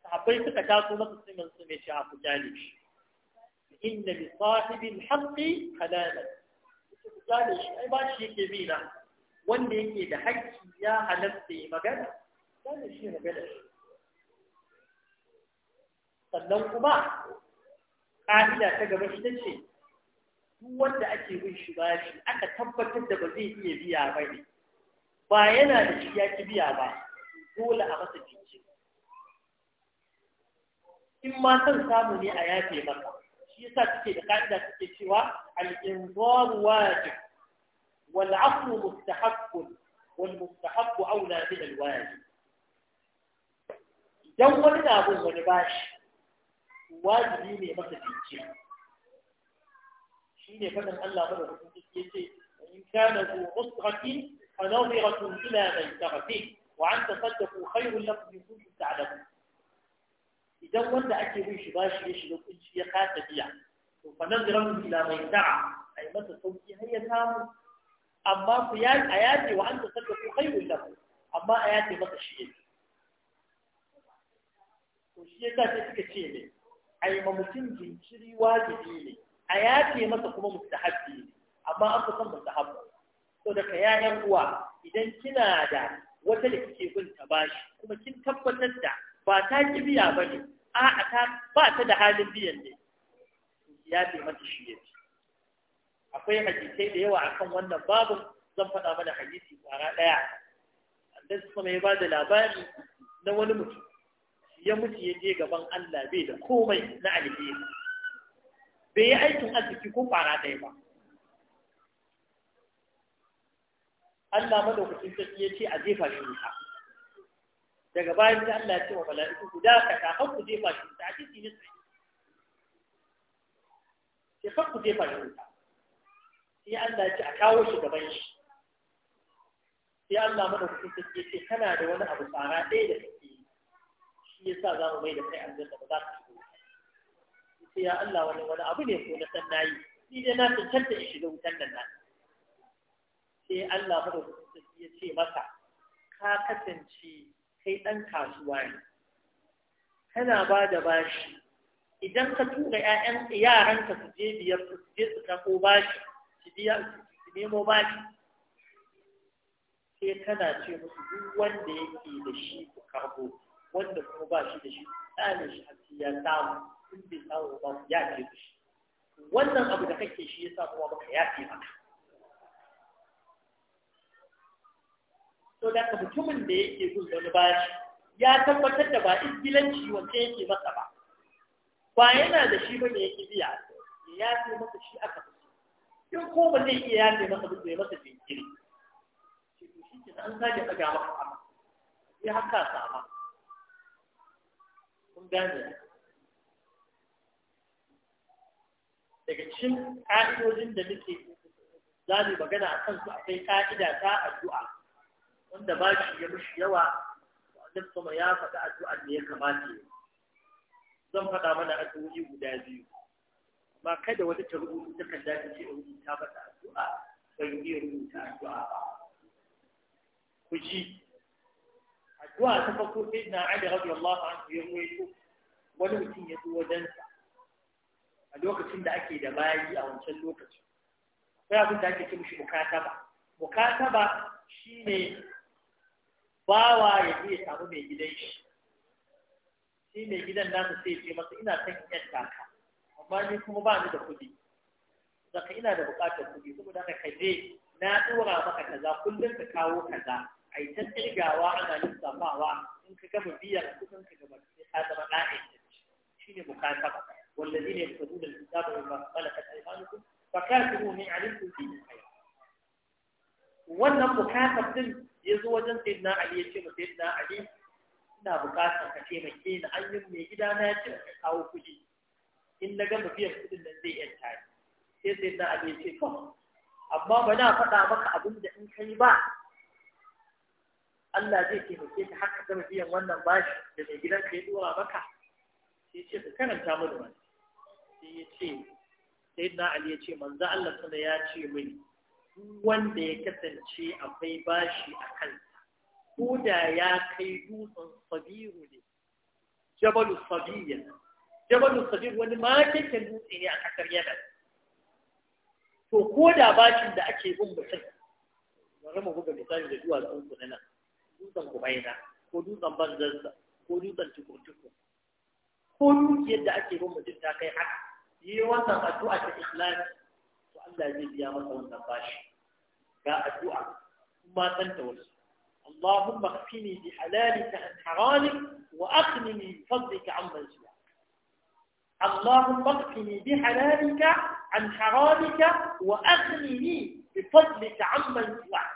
sahabbai suka taso masa sai mazan sama ya ce a ku jale shi inna li sahibil haqqi halalan misali shi ai ba shi yake bi na wanda yake da haƙƙi ya halatta yi magana misali shi magana sannan kuma ƙa'ida ta gaba shi ta ce duk wanda ake bin shi shi aka tabbatar da ba zai iya biya ba ne ba yana da shi ya ki biya ba dole a masa cikin in ma son samu ne a yafe maka. الإنظار واجب والعقل مستحق والمستحق أولى من الواجب جولنا أبو ونباش واجب يمي مثل الجيب شيني فمن ألا مره إن كان ذو مصرة فنظرة إلى من تغفي وعن تصدقوا خير لكم من كل تعلمون idan wanda ake bin shi bashi ya shiga kunci ya kasa biya to fa nazran ila mai da'a ai masa sauki har ya samu amma ku ya a yace wa anta sadaqu khairul lahu amma a yace masa shi ne to shi yasa sai suka ce ne ai ma mutum jinkiri wajibi ne a yace masa kuma mustahabbi ne amma an fi son mustahabbi to daga yayan uwa idan kina da wata da kike bin ta bashi kuma kin tabbatar da ba ta ki biya ba ne a'a ta ba ta da halin biyan ne ya ce mata shi ya ce akwai hadisai da yawa akan wannan babu zan faɗa mana hadisi kwara ɗaya annabi kuma ya ba da labari na wani mutum ya mutu ya je gaban Allah bai da komai na alheri bai yi aikin asiki ko kwara ɗaya ba Allah madaukakin sarki ya ce a jefa shi wuta daga bayan da Allah ya ce wa mala'iku ku da ka ta ku je ba shi ta hadisi ne sai ke fa ku je shi ta sai Allah ya ce a kawo shi gaban shi sai Allah ku ce ya ce kana da wani abu tsara ɗaya da kake yi shi yasa za mu mai da kai aljanna ba za ka shigo sai ya Allah wani wani abu ne ko na san nayi ni dai na tantance in shiga wutan nan na sai Allah ku ce ya ce masa ka kasance kai ɗan kasuwa ne kana ba da bashi idan ka tura ‘ya'yan yaranka su je biyar su je su kako bashi su biya su nemo bashi sai kana ce musu duk wanda yake da shi ku karbo wanda kuma ba shi da shi tsarin shi a ya samu in bai samu ba ya ce shi wannan abu da kake shi ya samu ba ka yafe maka to da ka mutumin da yake gun wani bashi ya tabbatar da ba izgilanci wanda yake masa ba ba yana da shi bane yake biya ya ce masa shi aka fi in ko ba zai iya yafe masa ba zai masa jinkiri shi shi ke an sake daga maka amma ya haka sama kun gane daga cikin ƙa'idojin da muke za mu magana a kansu akwai ƙa'ida ta addu'a wanda ba shi ya mushi yawa annabi sama ya faɗa addu'a da ya kamata zan faɗa mana addu'o'i guda biyu amma kada wata ta rubutu ta kan dace ce ta faɗa addu'a ban iya rubuta addu'a ba ku ji addu'a ta farko sai na Ali radiyallahu anhu ya ruwaito wani mutum ya zo wajen a lokacin da ake da bayi a wancan lokacin akwai abin da ake ce mishi mukataba mukataba shine bawa ya je ya samu mai gidan shi shi mai gidan su sai ce masa ina son in yanta ka amma ni kuma ba ni da kuɗi zaka ina da buƙatar kuɗi saboda haka ka je na ɗora maka kaza kullum ka kawo kaza a yi ta tsirgawa ana lissafawa in ka gama biyan kuɗin ka gaba sai ta zama ɗa'in shi ne bukata wallazi ne ka zuwa lissafa mai masu malakar aimanukum fa kasiru ne a lissafi ne kai wannan bukatar din ya zo wajen sayyidina ali ya ce ma sayyidina ali ina buƙatar ka taimake ni an yi mai gida na ya ce ka kawo kuɗi in na gama biyan kuɗin nan zai yanta ni sai sayyidina ali ya ce to amma ba na faɗa maka abin da in kai ba Allah zai taimake ka har ka gama biyan wannan bashi da mai gidan ka ya dora maka sai ce ka karanta da wani sai ya ce sayyidina ali ya ce manzo Allah sana ya ce mini wanda ya kasance akwai bashi a kansa ko da ya kai dutsen sabiru ne jabalu sabiya jabalu sabiru wani matakin dutse ne a kasar yamen to ko da bashin da ake bin mutum bari mu buga misali da zuwa ku na nan dutsen kubaina ko dutsen banzansa ko dutsen tukurtuku ko dukiyar da ake bin mutum ta kai haka yi wannan addu'a ta islami to Allah zai biya masa wannan bashi جاء الدعاء ما تنتوس اللهم اكفني بحلالك عن حرامك وأقنني بفضلك عمن سواك اللهم اكفني بحلالك عن حرامك وأقنني بفضلك عمن سواك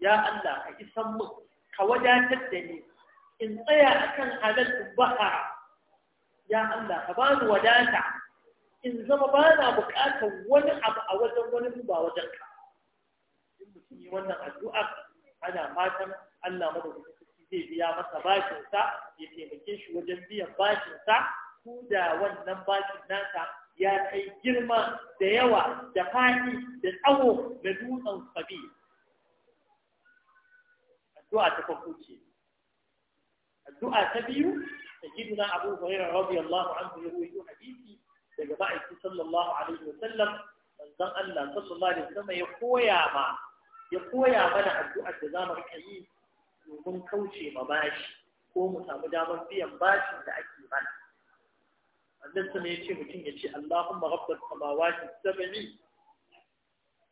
يا الله اسمك كوجاتك تدني إن tsaya akan halattun bahara يا الله ka bani إن in zama ونعب bukatar wani abu mutum yi wannan addu'a ana fatan Allah madaukakin zai biya masa bashin sa ya taimake shi wajen biyan bashin sa ko da wannan bashin nasa ya kai girma da yawa da fadi da tsawo da dutsen sabi addu'a ta farko ce addu'a ta biyu sayyiduna Abu Hurairah radiyallahu anhu ya rawaito hadisi daga ma'aiki sallallahu alaihi wa sallam Allah sallallahu alaihi wa ya koya ma ya koya mana addu'ar da za mu yi domin kauce ma bashi ko mu samu damar biyan bashin da ake mana Allah sama ya ce mutum ya ce Allahumma rabbal samawati sab'i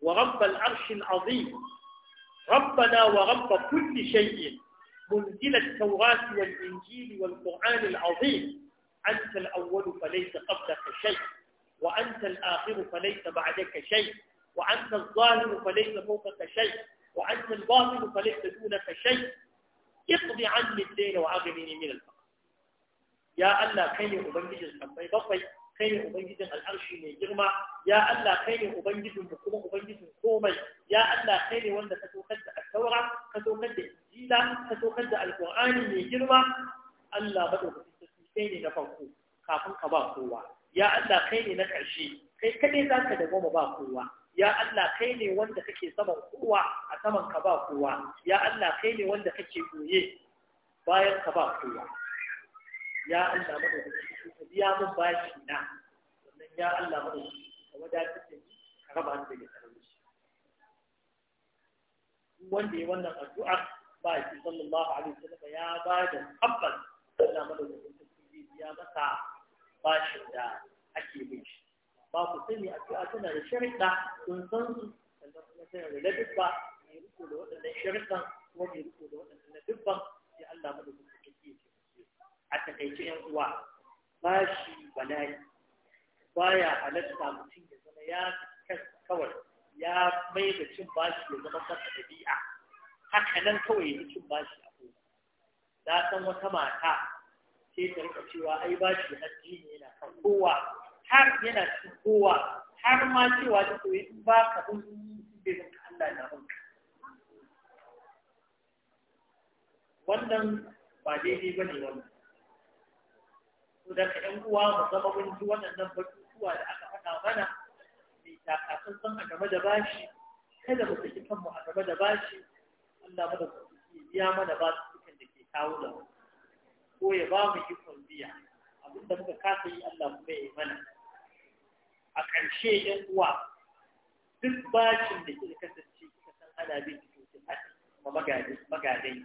wa rabbal arshil azim ربنا ورب كل شيء منزل التوراة والإنجيل والقرآن العظيم أنت الأول فليس قبلك شيء وأنت الآخر فليس بعدك شيء وأنت الظاهر فليس فوقك شيء وأنت الباطن فليس دونك شيء اقضي عني الدين وأغنني من الفقر يا الله كيني أبنجد الحبي بطي كيني أبنجد الأرش من جرمى يا الله كيني أبنجد المكوم أبنجد الكومي يا الله كيني وأنت كتوخد الثورة كتوخد الإنجيلة كتوخد القرآن من جرمى الله بدو كتوخد نفوكو كافن كبا قوة يا الله كيني نكعشي كيني ذاك دقوم با قوة ya Allah kai ne wanda kake saman kowa a saman ka ba kowa ya Allah kai ne wanda kake goye bayan ka ba kowa ya Allah madaukaki ka biya mun bashi na Wannan ya Allah madaukaki ka wadatar da ni ka raba ni daga talauci wanda ya wannan addu'a ba shi sallallahu alaihi wasallam ya ba da tabbas Allah madaukaki ya masa bashin da ake bin shi ba ku sani addu'a tana da sharuɗa kun san su sannan kuma tana da ladubba mai riko da waɗannan sharuɗan kuma mai riko da waɗannan ladubban sai Allah da madaukakin sarki ya ce a takaice yan uwa ba shi bala'i baya halatta mutum ya zama ya kawai ya mai da cin bashi ya zama masa ɗabi'a haka nan kawai ya cin bashi a gona na san wata mata sai ta rika cewa ai bashi addini yana kan kowa har yana cikin kowa har ma cewa da koyi in ba ka bin bai bin Allah na bin wannan ba daidai ba ne wannan to da 'yan uwa mu zama mun ji waɗannan batutuwa da aka faɗa mana mai takasan san a game da bashi kada mu saki kanmu a game da bashi Allah mana biya mana ba su cikin da ke kawo da ko ya ba mu ikon biya abinda muka kasa yi Allah kuma ya yi mana a ƙarshe yan uwa duk bacin da ke kasance kika san ana bin cikin to kin kuma magadai magadai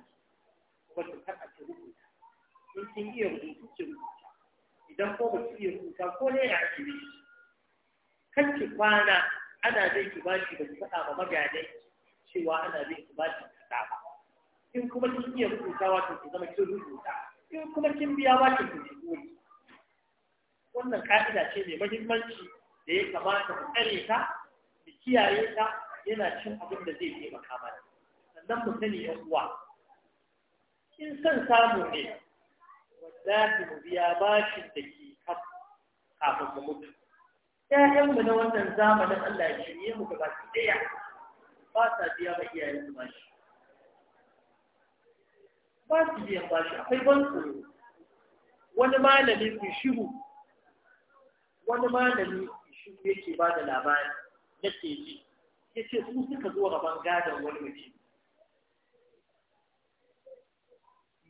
kuma ki taɓa ki rubuta in kin iya rubutu ki rubuta idan ko ba ki iya rubuta ko ne ya ake bi kan ki kwana ana bin ki bashi ba ki faɗa ma magadai cewa ana bin ki bashi kaɗa ba in kuma kin iya rubuta wato ki zama kin rubuta in kuma kin biya wato ki rubuta wannan ka'ida ce mai muhimmanci da ya kamata mu tsare ta mu kiyaye ta yana cin abin da zai ke makamata, sannan mu sani ya uwa in san samu ne Wadda wallahi mu biya bashin da ke kafin mu mutu mu na wannan zamanin Allah ya shirye mu gaba ɗaya ba sa biya ba iyayen su bashi ba su biyan bashi akwai ban tsoro wani malami ku shiru wani malami yake ba da labari na ji ya ce su suka zo rabon gadon wani mutum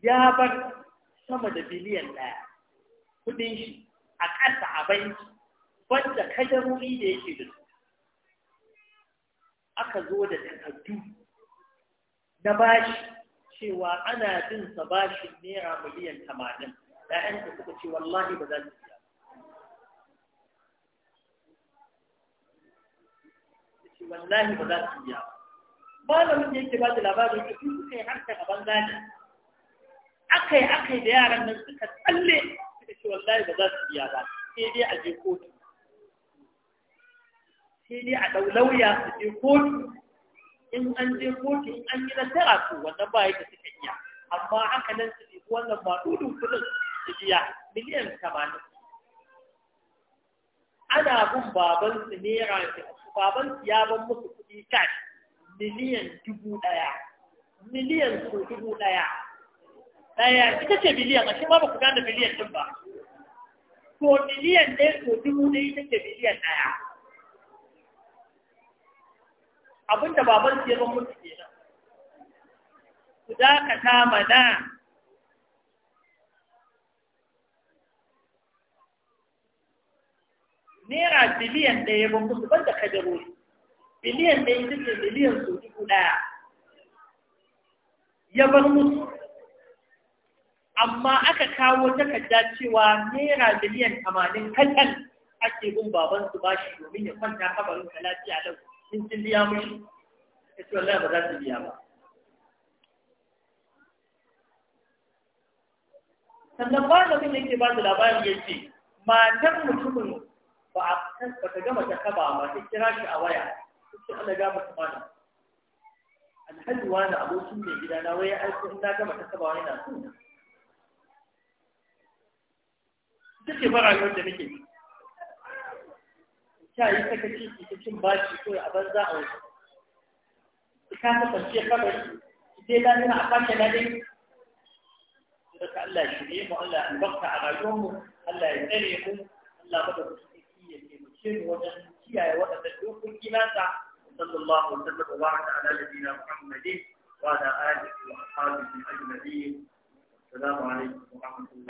ya bar sama da biliyan ɗaya kudin shi a ƙasa a banki banda kadarori da yake da su aka zo da takardu na bashi cewa ana jin sa bashin naira miliyan tamanin da suka ce wallahi ba za su biya ce wallahi ba za su biya malamin da yake ba da labarin da su suka yi harka gaban banza ne akai akai da yaran nan suka tsalle suka ce wallahi ba za su biya ba sai dai a je kotu sai dai a ɗau lauya su je kotu in an je kotu in an yi nasara to wannan ba yadda suka iya amma haka nan su ne wannan maɗuɗin kuɗin su biya miliyan tamanin ana bin babansu naira baban ya ban musu kuɗi cash miliyan dubu ɗaya miliyan ko dubu ɗaya ɗaya ita ce miliyan a shi ma ba ku gane miliyan ɗin ba ko miliyan ɗaya ko dubu ɗaya ita ce miliyan ɗaya abinda baban ya ban musu kenan ku dakata mana naira biliyan ɗaya ba musu ban da kadarori biliyan ɗaya ita ce biliyan su dubu ɗaya ya bar musu amma aka kawo takarda cewa naira biliyan tamanin kacal ake bin baban su bashi domin ya kwanta kabarin ka lafiya da sun sun biya mushi ya ce wallahi ba za su biya ba sannan ba da kuma yake ba da labarin ya ce mutumin ba a kan ba gama ta kaba ba ta kira shi a waya shi Allah ya mata mana alhaji wani abokin mai gida na waya aiko in na gama ta kaba wani na so take fara yau da nake ta yi sakaci ta cin bashi ko a banza a wajen ka ta kwanciya kabari sai da nuna a kwace na dai da ka Allah shi ne mu Allah albarka a rayuwarmu Allah ya tsare mu Allah madaukakin kini wajen kiyaye waɗanda dokoki nasa sallallahu alaihi wa sallam wa ta ala nabiyina muhammadin wa ala alihi wa ashabihi ajma'in assalamu alaikum wa rahmatullahi